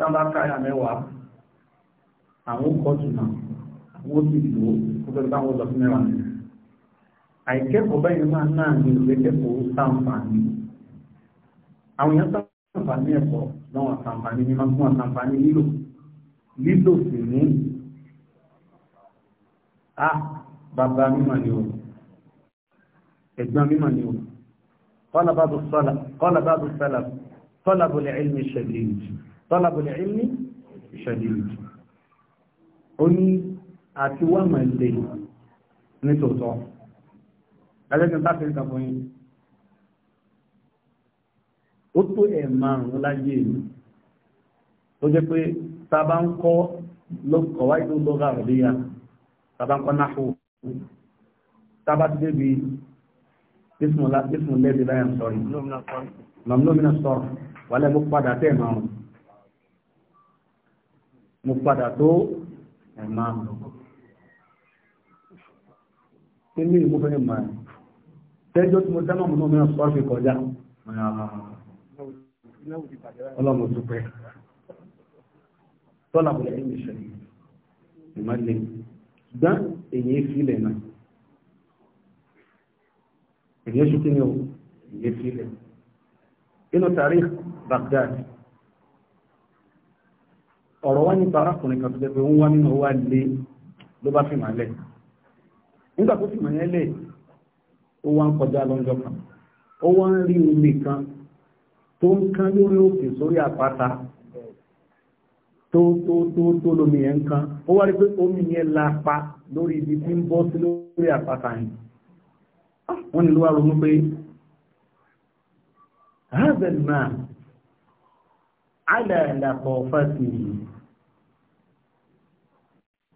الله يعني ابو àwọn kọ́tùnà àwọn ó sì lò ó tó bá wọn lọ fún mẹ́wàá nìyẹn àìkẹ́kọ̀ọ́ báyìí máa náà ní ìwé kẹ́kọ̀ọ́ sáǹfààní àwọn èèyàn sáǹfààní ẹ̀kọ́ lọ́wọ́ àǹfààní ní máa fún àǹfààní lílò lílò sì ní a bàbá mímọ̀ ni o ẹ̀gbọ́n mímọ̀ ni o kọ́lá bá bó sálà tọ́lá bó lè ilmi ṣẹ̀dìrì tọ́lá bó lè ilmi ṣẹ̀dìrì ó ní àti wà mọ̀ lè nítòótọ́ ẹlẹ́gbẹ̀ẹ́ sáfẹ́ ìtàkùn yìí ó tó ẹ̀ márùn-ún láyé mi tó jẹ́ pé tá a bá ń kọ́ lọ́kọ̀ wáyé tó lọ́gà àrùbíyà tá a bá ń kọ́ náhù tá a bá ti débi ismùlá ismùlẹ́bí láyà sọ̀rọ̀ mọ̀mílómìnà sọ̀rọ̀ wàlẹ́ mo padà tẹ̀ márùn-ún mo padà tó ẹ̀ máa ń lọ. Ilé ìmú fẹ́ mọ̀ ẹ̀. Tẹ́jọ́ tí mo dámọ̀ mọ́ mẹ́ràn sọ́ọ́ fi kọjá. Ọlọ́mọ dúpẹ́. Tọ́lá kò lẹ́yìn ìṣẹ̀lẹ̀. Ìmọ̀lẹ́. Ṣùgbọ́n èyí filẹ̀ náà. Èyí ṣe kí ni Èyí filẹ̀. Inú tàrí Baghdad ọ̀rọ̀ wá nípa arákùnrin kan tó jẹ́ pé wọ́n wá nínú wá lé ló bá fi màálẹ̀ nígbà tó fi màálẹ̀ lẹ̀ ó wá ń kọjá lọ́jọ́ kan ó wá ń rí omi kan tó ń kán lórí òkè sórí àpáta tó tó tó tó lómi yẹn ń kán ó wá rí pé omi yẹn la pa lórí ibi tí ń bọ́ sí lórí àpáta yẹn ah, wọ́n ní ló wá ronú pé هذا الماء على لطافتي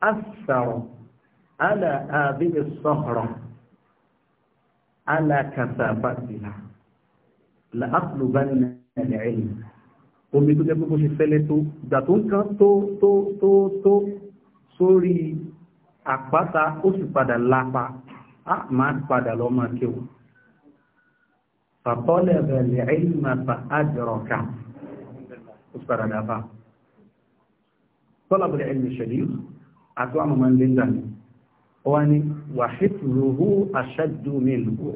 أثر على هذه الصهرة على كثافتها لأطلبن العلم omi tó jẹ́ pé kó ṣe fẹ́lẹ́ tó ìgbà tó ń kán tó tó tó tó sórí àpáta ó sì padà lápa á máa padà lọ máa kéwò fàtọ́lẹ̀ rẹ̀ ilma fa adraka ó sì padà dáfà tọ́lá bẹ̀rẹ̀ ilmi shadid àtọ́ àmọ́ máa ń lé ń dànù ó wá ní wàhífùrúhú ashaddu minhu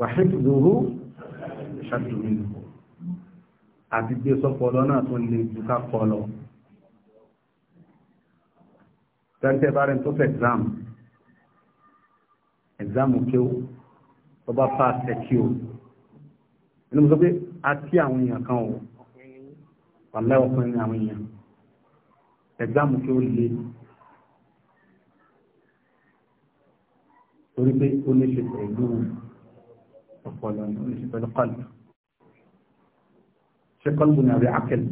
wàhífùrúhú ashaddu minhu àti gbé sọ́pọ̀lọ́ náà tó lè jù ká tẹ́ntẹ́ bá rẹ̀ tó fẹ́ exam exam kí ó tó bá pass ẹ̀ kí ó inú mo sọ pé a kí àwọn èèyàn kan ò wà lẹ́wọ̀n fún àwọn èèyàn ẹ̀gbáàmù kí ó le torí pé ó ní ṣe pẹ̀lú ọpọlọ ní ó ní ṣe pẹ̀lú kọlù ṣe kọlù ní àrí akẹ́lù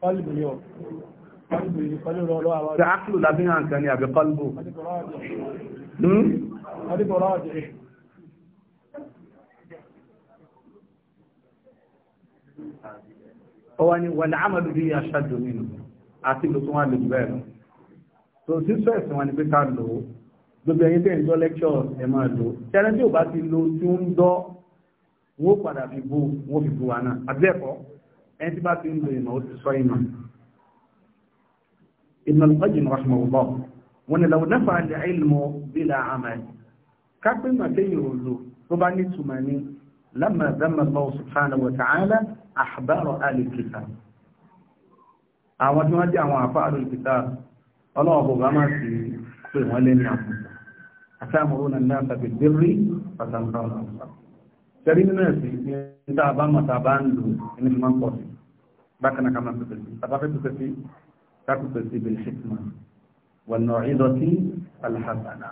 kọlù ní ọ Ṣe ákìlù lábí hàn kan ní àbí kọlù. Ó wá ní wà ní àmàlù bí i aṣájú nínú. àti ìlú tó wà lè jù bẹ́ẹ̀ lọ so sísọ ẹ̀sìn wọn ni pé ká lò ó gbogbo ẹ̀yin tẹ́ ń gbọ́ lectures ẹ máa lò ó tẹ́lẹ̀ tí ò bá ti lo tí ó ń dọ́ wọ́n padà fi bú wọ́n fi bú wa náà àbẹ́ẹ̀kọ́ ẹni tí bá ti ń lo ìmọ̀ ó ti sọ ìmọ̀ Ibn al-Qayyim rahimahullah wọn ni law nafa'a al-ilmu bila amal kápẹ́ màtẹ́ yòó lò tó bá ní tùmọ̀ ní lamma dhamma Allah subhanahu wa ta'ala ahbara àwọn tí wọ́n jẹ́ àwọn àfáàrù ìpìta ọlọ́ọ̀bọ̀ bá máa sì pè wọ́n lé ní àpùpù àtàmùrú na ní àtàbí dérí pàtàkì ṣẹ́rí nínú ẹ̀sìn ní tá a bá mọ̀ tá a bá ń lò ní fi máa ń pọ̀ sí bákan náà ká máa pèsè sí tàbá fẹ́ pèsè sí ká pèsè sí ìbẹ̀rẹ̀ ṣètìmá wọ̀nà ìdọ̀tí alhàbànà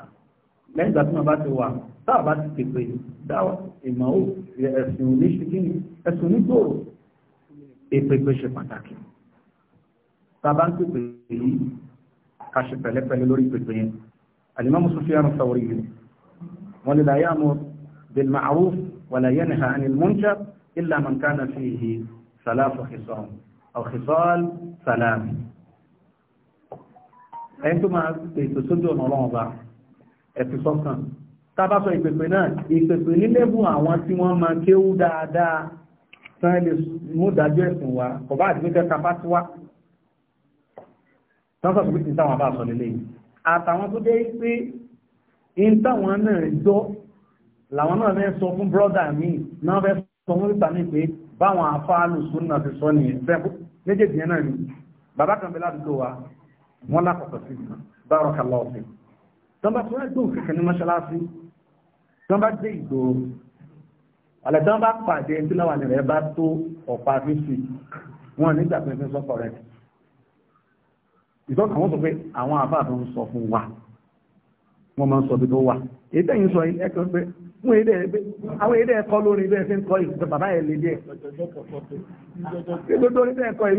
lẹ́yìn tí wọ́n bá ti wà tá bá ti pèsè dáwọ́ ìmọ̀ ẹ̀sìn oníṣìkí ẹ̀sìn onígbòrò èpè pé ṣe pàtàkì bàbá ń pèpè yìí ká ṣe pẹ̀lẹ́pẹ̀lẹ́ lórí pèpè yẹn alimami Sufyan sọ̀rọ̀ yìí wọ́n lè la ya'muru bil ma'ruf wala yanha 'anil munkar illa man kana fihi salafu khisal aw khisal salam ẹni tó máa pèsè sójú ọ̀nà ọlọ́run ọba ẹ̀sìn sọ́kàn tábà sọ ìpèpè náà ìpèpè nílẹ́bù àwọn tí wọ́n máa kéwú dáadáa tán mú dájú ẹ̀sìn wa kò bá àdìmíkẹ́ kapá tí wá sọ́sọ̀ tó ti táwọn bá sọ lélẹ̀ yìí àtàwọn tó jẹ́ pé in táwọn náà gbọ́ làwọn náà fẹ́ sọ fún brọ́dà mi náà fẹ́ sọ fún rítà mi pé báwọn afáàlù súnà ti sọ nìyẹn fẹ́ méjèèjì yẹn náà ni bàbá kan bẹ ládùúgbò wa wọn lákọ̀ọ́kọ̀ sí báwọn kan lọ sí tọ́ba tó wá gbóhùn kẹ̀kẹ́ ní mọ́ṣáláṣí tọ́ba dé ìgbòho àlẹ́ tọ́ba pàdé tí láwọn ẹ̀rẹ́ bá tó ọ̀pá fífi wọn nígbà pé sọ́kọ̀ rẹ̀ ìtọ́kà wọ́n sọ pé àwọn àbá ń sọ fún wa wọ́n máa ń sọ bí tó wà èyí sọ ẹ̀kọ́ pé àwọn èdè ẹ̀kọ́ lórí ilé ẹ̀fẹ́ ń kọ́ ìgbẹ́ bàbá ẹ̀ lè díẹ̀ wọ́n lò ní àbí wọ́n lò kọ́ ni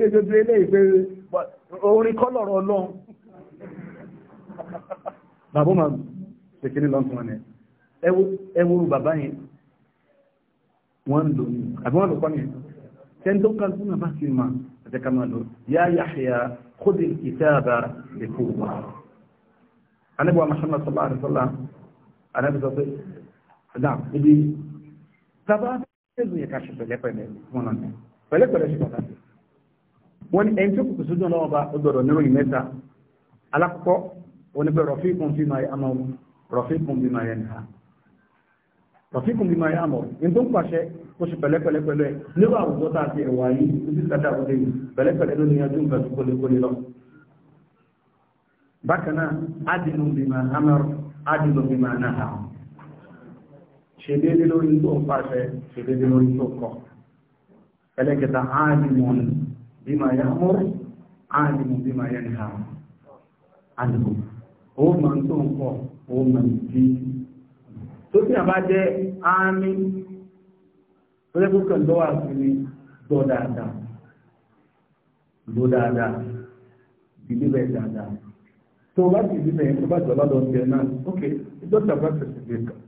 ẹni tó ń sí ma àti máa lò yá yàhìá خذ الكتاب بقوة أنا أبو محمد صلى الله عليه وسلم أنا بزطي نعم إبي تبا تزوي كاشف بلي بلي مولانا بلي بلي وان أنتو كسودون الله با أدور نرو على كو وان برفيقكم فيما يأمر رفيقكم بما ينهى رفيقكم بما يأمر إن دون kó ṣe pẹ̀lẹ́pẹ̀lẹ́ pẹ̀lú ẹ̀ nínú àwùjọ tá a ti ẹ̀wà yìí ojú kàtà òde yìí pẹ̀lẹ́pẹ̀lẹ́ ló níyanjú nǹkan tó kólékólé lọ. bákan náà adìlú bímọ hamar adìlú bímọ náà ṣe déédé lórí tó ń pàṣẹ ṣe déédé lórí tó kọ. ẹlẹ́kẹta adìmú bímọ yàmú adìmú bímọ yẹnìhà adìmú ó máa ń tó ń kọ ó máa ń tó bí àbá ámì lọ́jọ́ tó kàn lọ́wọ́ àfihàn gbọ́ dáadáa lò dáadáa ìdílé bẹ́ẹ̀ dáadáa tó o bá ti ìdílé yẹn tó bá ti ọlọ́dọ̀ ọ̀tẹ̀ náà ok ìjọ tí a bá tẹ̀sí ìdílé kan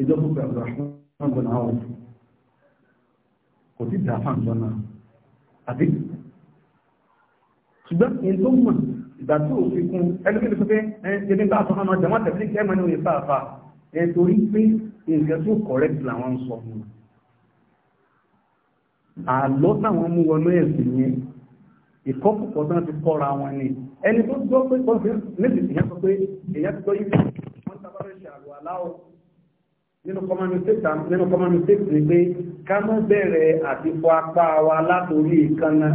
ìjọ tó kàn lọ́wọ́ àwọn ọ̀gbọ̀n àwọn ọ̀tún kò sí dàá fáǹjọ náà àbí ṣùgbọ́n èyí tó mọ̀ ìgbà tó o fi kún ẹlẹ́gbẹ̀ẹ́ tó fẹ́ ẹ nǹkan tó correct làwọn sọ fún un àlọ́ táwọn mú wọnú ẹ̀sìn yẹn ìkọ́kùkọ́ tán ti kọ́ra wọn ni ẹni tó gbọ́ pé kọ́ sí níbi ìyá sọ pé èyá ti gbọ́ yìí wọ́n sábàrẹ̀ ṣàlù aláwọ̀ nínú common mistake ni pé ká mọ́ bẹ̀rẹ̀ àti fọ apá wa látòrí ìkànnà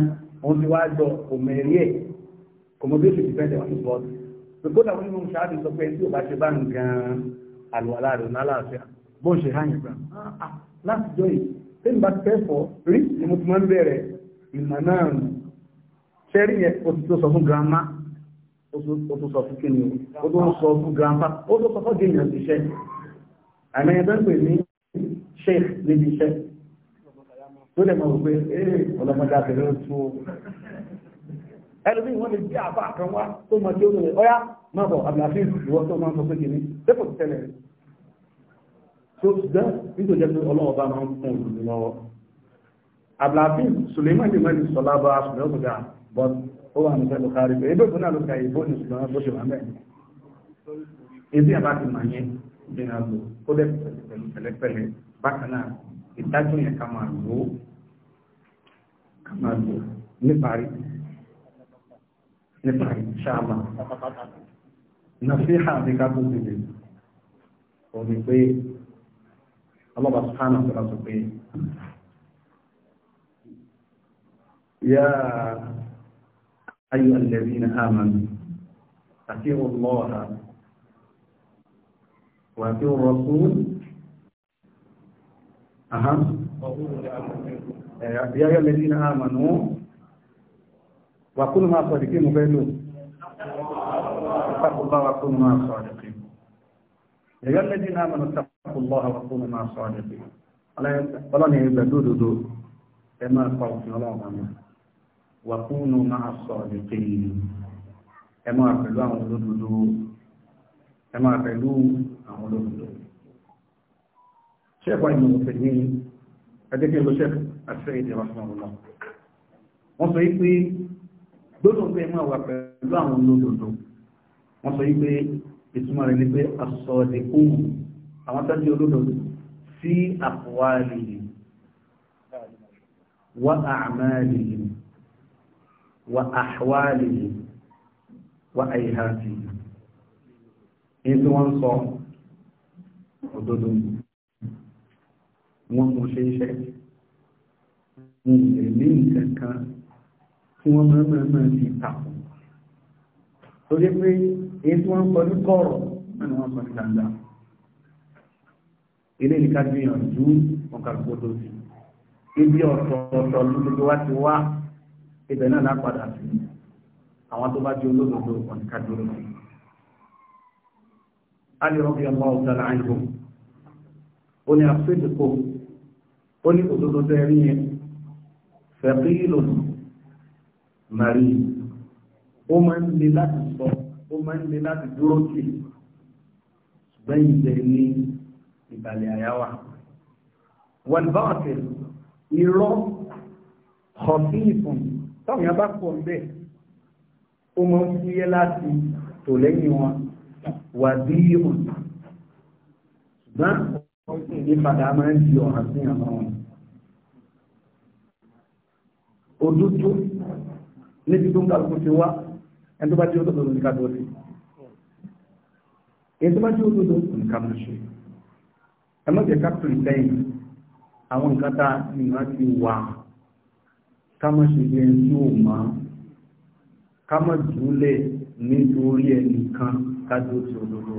òun ti wá jọ kò mẹ̀rí ẹ̀ kò mọ́ bí ó sì ti fẹ́ tẹ̀wọ́n ní bọ́ọ̀lù. gbogbo àwọn onímọ̀ ṣáàdì sọ pé tí ò bá ṣe bá nǹkan àlùwàlá rẹ̀ ní aláàfíà bó ń ṣe hàyìn gbà ah, ah, láti jọ yìí tí n bá ti kẹ́fọ́ rí ni mo ti máa ń bẹ̀rẹ̀ ìmọ̀ náà nù sẹ́rí yẹn o ti tó sọ fún grandma o tó sọ fún kíni o tó sọ fún grandpa o tó sọ fún gèèyàn ti ṣe àmì ẹ̀dá ń pè ní sheikh níbi iṣẹ́ tó lè mọ̀ wípé ee ọlọ́mọdé àbẹ̀rẹ̀ tó ẹlòmíì wọ́n lè jẹ́ àbá kan wá tó mọ̀ tí ó lè ọ̀yá mọ̀ bọ̀ àbúlàfíì ìwọ́n tó máa ń sọ pé kìíní dépò ti tẹ́lẹ̀ rẹ̀ tó gbẹ́ nítorí jẹ́ pé ọlọ́ọ̀bá máa ń fún òdùnú lọ́wọ́ abdulhafiz suleiman lè mẹ́rin sọlá bá aṣùnlẹ̀ ọ̀gá ah, but ó wà ní fẹ́lú kárí pé ebéèkó náà ló ka ìbò ní ṣùgbọ́n bó ṣe wà mẹ́rin ebi àbá ti mà yẹn ìdènà lò ó dẹ̀ الله سبحانه وتعالى يا أيها الذين آمنوا أتيروا الله وأتيروا الرسول أها يا أيها الذين آمنوا وكونوا ما صادقين وبينوا اتقوا الله وكونوا ما صادقين يا أيها الذين آمنوا اتقوا الله وكونوا مع الصادقين ọlọ́run ní ìgbẹ̀dú òdodo ẹ máa pa òfin ọlọ́run wọn وكونوا مع الصادقين ẹ máa pẹ̀lú àwọn olódodo ẹ máa pẹ̀lú àwọn olódodo. ṣẹ́ẹ̀kọ́ ìmọ̀ òfin ní adékèlú ṣẹ́ẹ̀kọ́ àti ìdí rahmanullah wọ́n sọ pé gbọ́dọ̀ pé máa wà pẹ̀lú àwọn olódodo wọ́n sọ pé ìtumọ̀ rẹ̀ ni pé asọ̀dẹ̀kùn àwọn tọ́jú olódodo sí àkọwàlìyìn wa àmàlìyìn wa àhwàlìyìn wa àyíhàtìyìn èyí tí wọ́n sọ òdodo wọ́n mú ṣe iṣẹ́ wọn ò lè tí wọ́n máa máa máa fi tàkù tó pé èyí tí wọ́n sọ ní kọ̀rọ̀ náà wọ́n sọ ní gbangba ilé ìka gbìyànjú nǹkan gbọdọ̀ sí ibi ọ̀tọ̀ọ̀tọ̀ ní gbogbo wa ti wá ibẹ̀ náà lápadà sí àwọn tó bá di olódodo ọ̀nìkà dúró sí. Ali rọ́bì ọmọ ọ̀gá láàyò ó ní àfẹ́dẹ́kọ̀ ó ní òdodo tẹ́ rí yẹn fẹ̀kí lòdù màrí ó máa ń le láti sọ ó máa ń le láti dúró sí gbẹ̀yìn bẹ́ẹ̀ ní ìbàlẹ̀ àyáwà wàlbáàtìl irọ́ ọ̀sí ìfún táwọn yàbá pọ̀ bẹ́ẹ̀ ó mọ́ fúyẹ́ láti tò lẹ́yìn wọn wà bí ìhùn ṣùgbọ́n ọ̀sìn ní padà máa ń di ọ̀hàn sí àwọn wọn òdútú níbi tó ń kálukú ti ní ẹ má jẹ́ ká pèrè sẹ́yìn àwọn nǹkan tá nìkan ti wà ká má ṣe bí ẹni tí ò mọ̀ ká má dúlẹ̀ nítorí ẹnìkan ká tó ti òdodo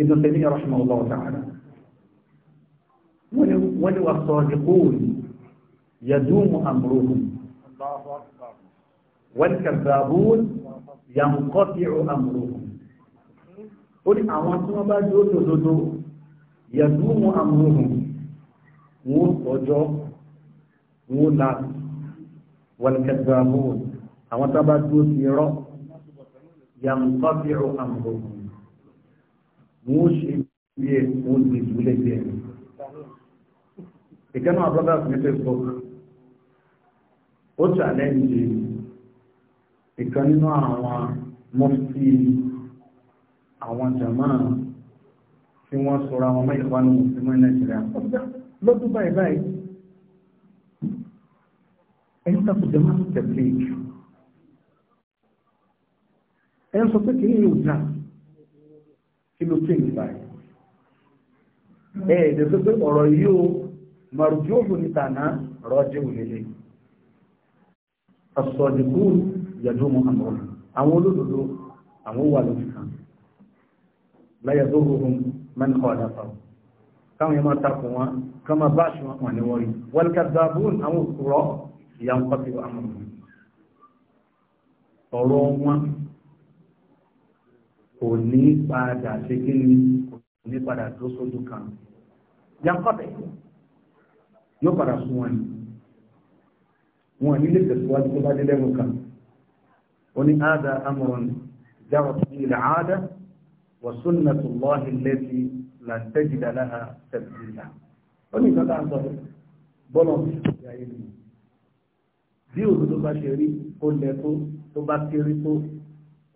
Ibn Taymiyyah rahimahullah ta'ala wọ́n ni wà sadiqun yadumu amruhum wal kadhabun yanqati'u amruhum hmm? ó ní àwọn tí wọ́n bá dúró lòdòdó yẹ̀dúnmù amúhùn amuru tọjọ́ wọn láti wọlẹ̀kẹ̀dàmù àwọn tábà dúró sí rọ́ yàmùtọ́bìrù amúhùn wọn ṣe bí ẹ wọn lè dúlé bí ẹ ìkẹ́nu àbúrọ́dà ní ó ṣàlẹ́ǹjì ìkan nínú àwọn tí wọ́n sọ̀rọ̀ àwọn mẹ́rin wà ní mùsùlùmí nàìjíríà lọ́dún báyìí báyìí ẹni tàkù jẹ́ máa ń tẹ̀lé jù ẹ sọ pé kí ni yóò dà kí ló tẹ̀ ní báyìí ẹ ẹ̀ dẹ̀ sọ pé ọ̀rọ̀ yóò màrùjú òhun ní tànà rọ́jẹ́ òlélẹ̀ asọ̀dìkú yàjú muhammadu àwọn olódodo àwọn wà lójú kan láyà من khalafahu káwọn yẹn máa takùn wọn ká máa bá aṣọ wọn ní wọ́n rí wal kadhabun àwọn òkúrọ̀ ìyá ń pàṣẹ àwọn ọ̀rọ̀ wọn kò ní padà ṣe kí ni kò ní padà tó sójú kan yankọ́tẹ̀ yóò padà sún wọn ni wọn ní lè tẹ̀síwájú tó bá dé kan ó ní áádá amọ̀ràn jáwọ́ sí ilẹ̀ áádá وسنة الله التي لا تجد لها تبديلا oní ìkan tá à ń sọ bọ́lọ̀ ìyá ìlú bí òdodo bá ṣe rí ó lẹ tó tó bá kéré tó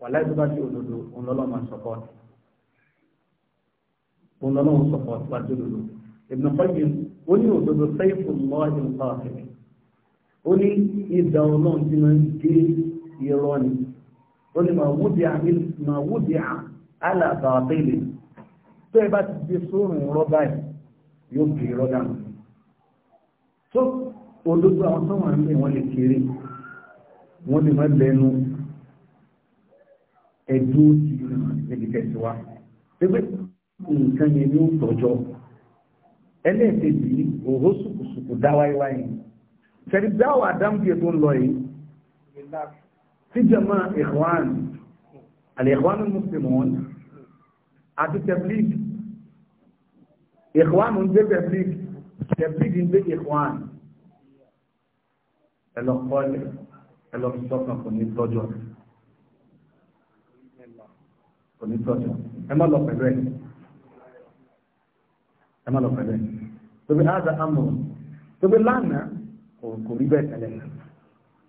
wà láì tó bá ṣe òdodo òun lọ́lọ́ máa sọ́pọ́ọ̀tì òun lọ́lọ́ máa sọ́pọ́ọ̀tì wá sí òdodo Ibn Qayyim ó ní òdodo sẹ́yìnfù lọ́ ìlúkọ́ àfẹ́fẹ́ ó ní ìdá ọlọ́run tí máa ń gé irọ́ ni ó ní màá wúdi àmì màá wúdi àmì alábàápélé tó ẹ bá ti gbé sórùn rọ́bà yìí yóò gbé rọ́dà nù tó olóògbé àwọn tó wà nílé wọn lè kéré wọn lè má lẹnu ẹdú ti níbi tẹ̀síwá pépé nǹkan yẹn ni ní òhó sùkùsùkù àti tẹ̀blík ìkwánù ń gbé tẹ̀blík tẹ̀blík ń gbé ìkwán ẹlọ́kọ́lẹ̀ ẹlọ́sọ́kàn kò ní tọ́jọ́ kò ní tọ́jọ́ ẹ má lọ pẹ̀lú ẹ̀ ẹ má lọ pẹ̀lú ẹ̀ tóbi áza amọ̀ tóbi lánàá kò rí bẹ́ẹ̀ tẹ́lẹ̀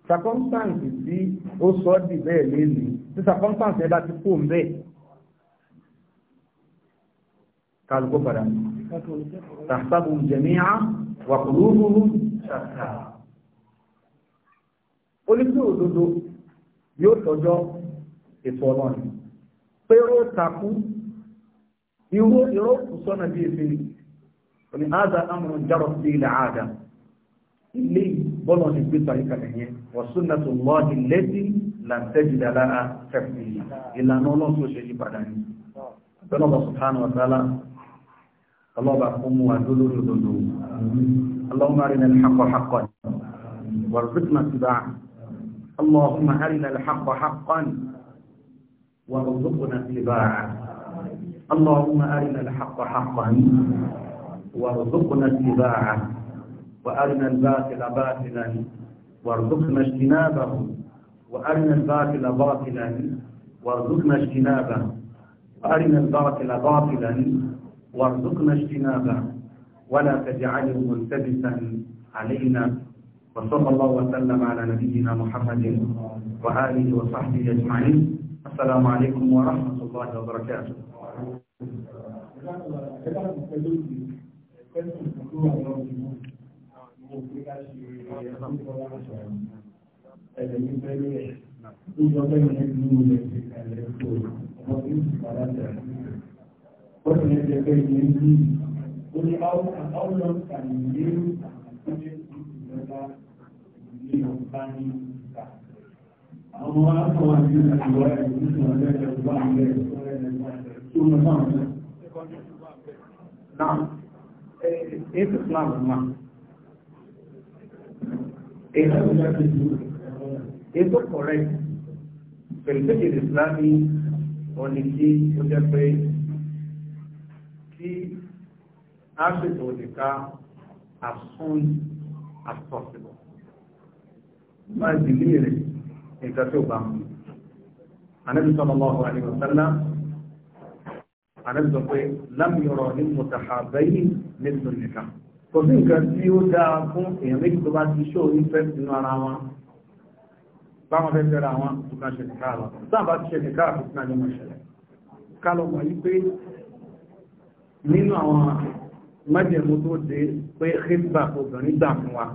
circumstance tí ó sọ ọ́ di bẹ́ẹ̀ lé ní tí circumstance ẹ bá ti kó ń bẹ́ẹ̀ kálukó padà tàṣàbù jẹ̀míà wà kùlùmùrù ṣàṣà onípẹ́ òdodo yóò tọ́jọ́ ètò ọlọ́run pé ó takú irú irọ́ sọ́nà bí èsì ni áza amrun jarọ̀ sí ilẹ̀ àádá ilé bọ́lọ̀ ní gbé sàríkàlẹ̀ yẹn wà súnà tó lọ́ ìlẹ́sí làǹtẹ́jìdà lára fẹ́fì ìlànà ọlọ́run tó padà ní الله بعكم ودلول دلول اللهم أرنا الحق حقا وارزقنا اتباعه اللهم أرنا الحق حقا وارزقنا اتباعه اللهم أرنا الحق حقا وارزقنا اتباع وأرنا الباطل باطلا وارزقنا اجتنابه وأرنا الباطل باطلا وارزقنا اجتنابه وأرنا الباطل باطلا وارزقنا اجتنابه ولا تجعله ملتبسا علينا وصلى الله وسلم على نبينا محمد وآله وصحبه أجمعين السلام عليكم ورحمة الله وبركاته Gracias. what is the very name ní ìwọ̀ ó jẹ́ pé tí a ṣètò nìka as soon as possible máa dìlé rẹ̀ nǹkan tí ó bá mú anábì sallallahu alaihi wasallam anábì sọ pé lam yara lil mutahabbayn nínú nìka kò sí nǹkan tí ó dáa fún èèyàn méjì tó bá ti ṣó nífẹ̀ẹ́ sínú ara wọn báwọn fẹ́ fẹ́ra wọn tó kàn ṣe nìka lọ sáà bá ti ṣe nìka àti sínú àjọmọ̀ ìṣẹ̀lẹ̀ ká lọ mọ̀ pé nínú àwọn májẹ̀mú tó dé pé hezbollah obìnrin gbà fún wa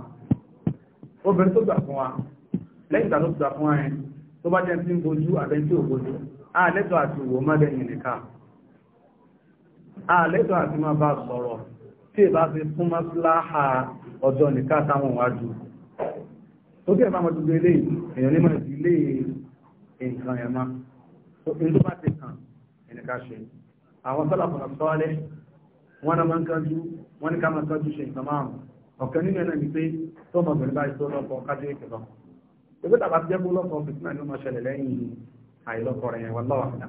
obìnrin tó gbà fún wa lẹ́yìn ìgbà tó gbà fún wa yẹn tó bá jẹ́ tí ń bojú àbẹ́ntí ò bojú àlẹ́tọ̀ àti ìwò mọ́lẹ̀yìn nìka àlẹ́tọ̀ àti máa bá sọ̀rọ̀ tí è bá fi fún mọ́síláhà ọjọ́ nìka táwọn wájú tó kí ẹ̀fà mọ́tò gbélé èèyàn ní wọ́n náà máa ń kájú wọ́n ní ká máa kájú ṣe nǹkan márùn-ún ọ̀kan nínú ẹ̀nà ìpé tó mọ̀ bẹ̀rẹ̀ báyìí tó lọ́kọ̀ kájú ìkẹ̀kọ́ ìgbé tàbá ti jẹ́ lọ́kọ̀ fìtínà ní ó ṣẹlẹ̀ lẹ́yìn àìlọ́kọ̀ rẹ̀ wọ́n lọ́wọ́ àmì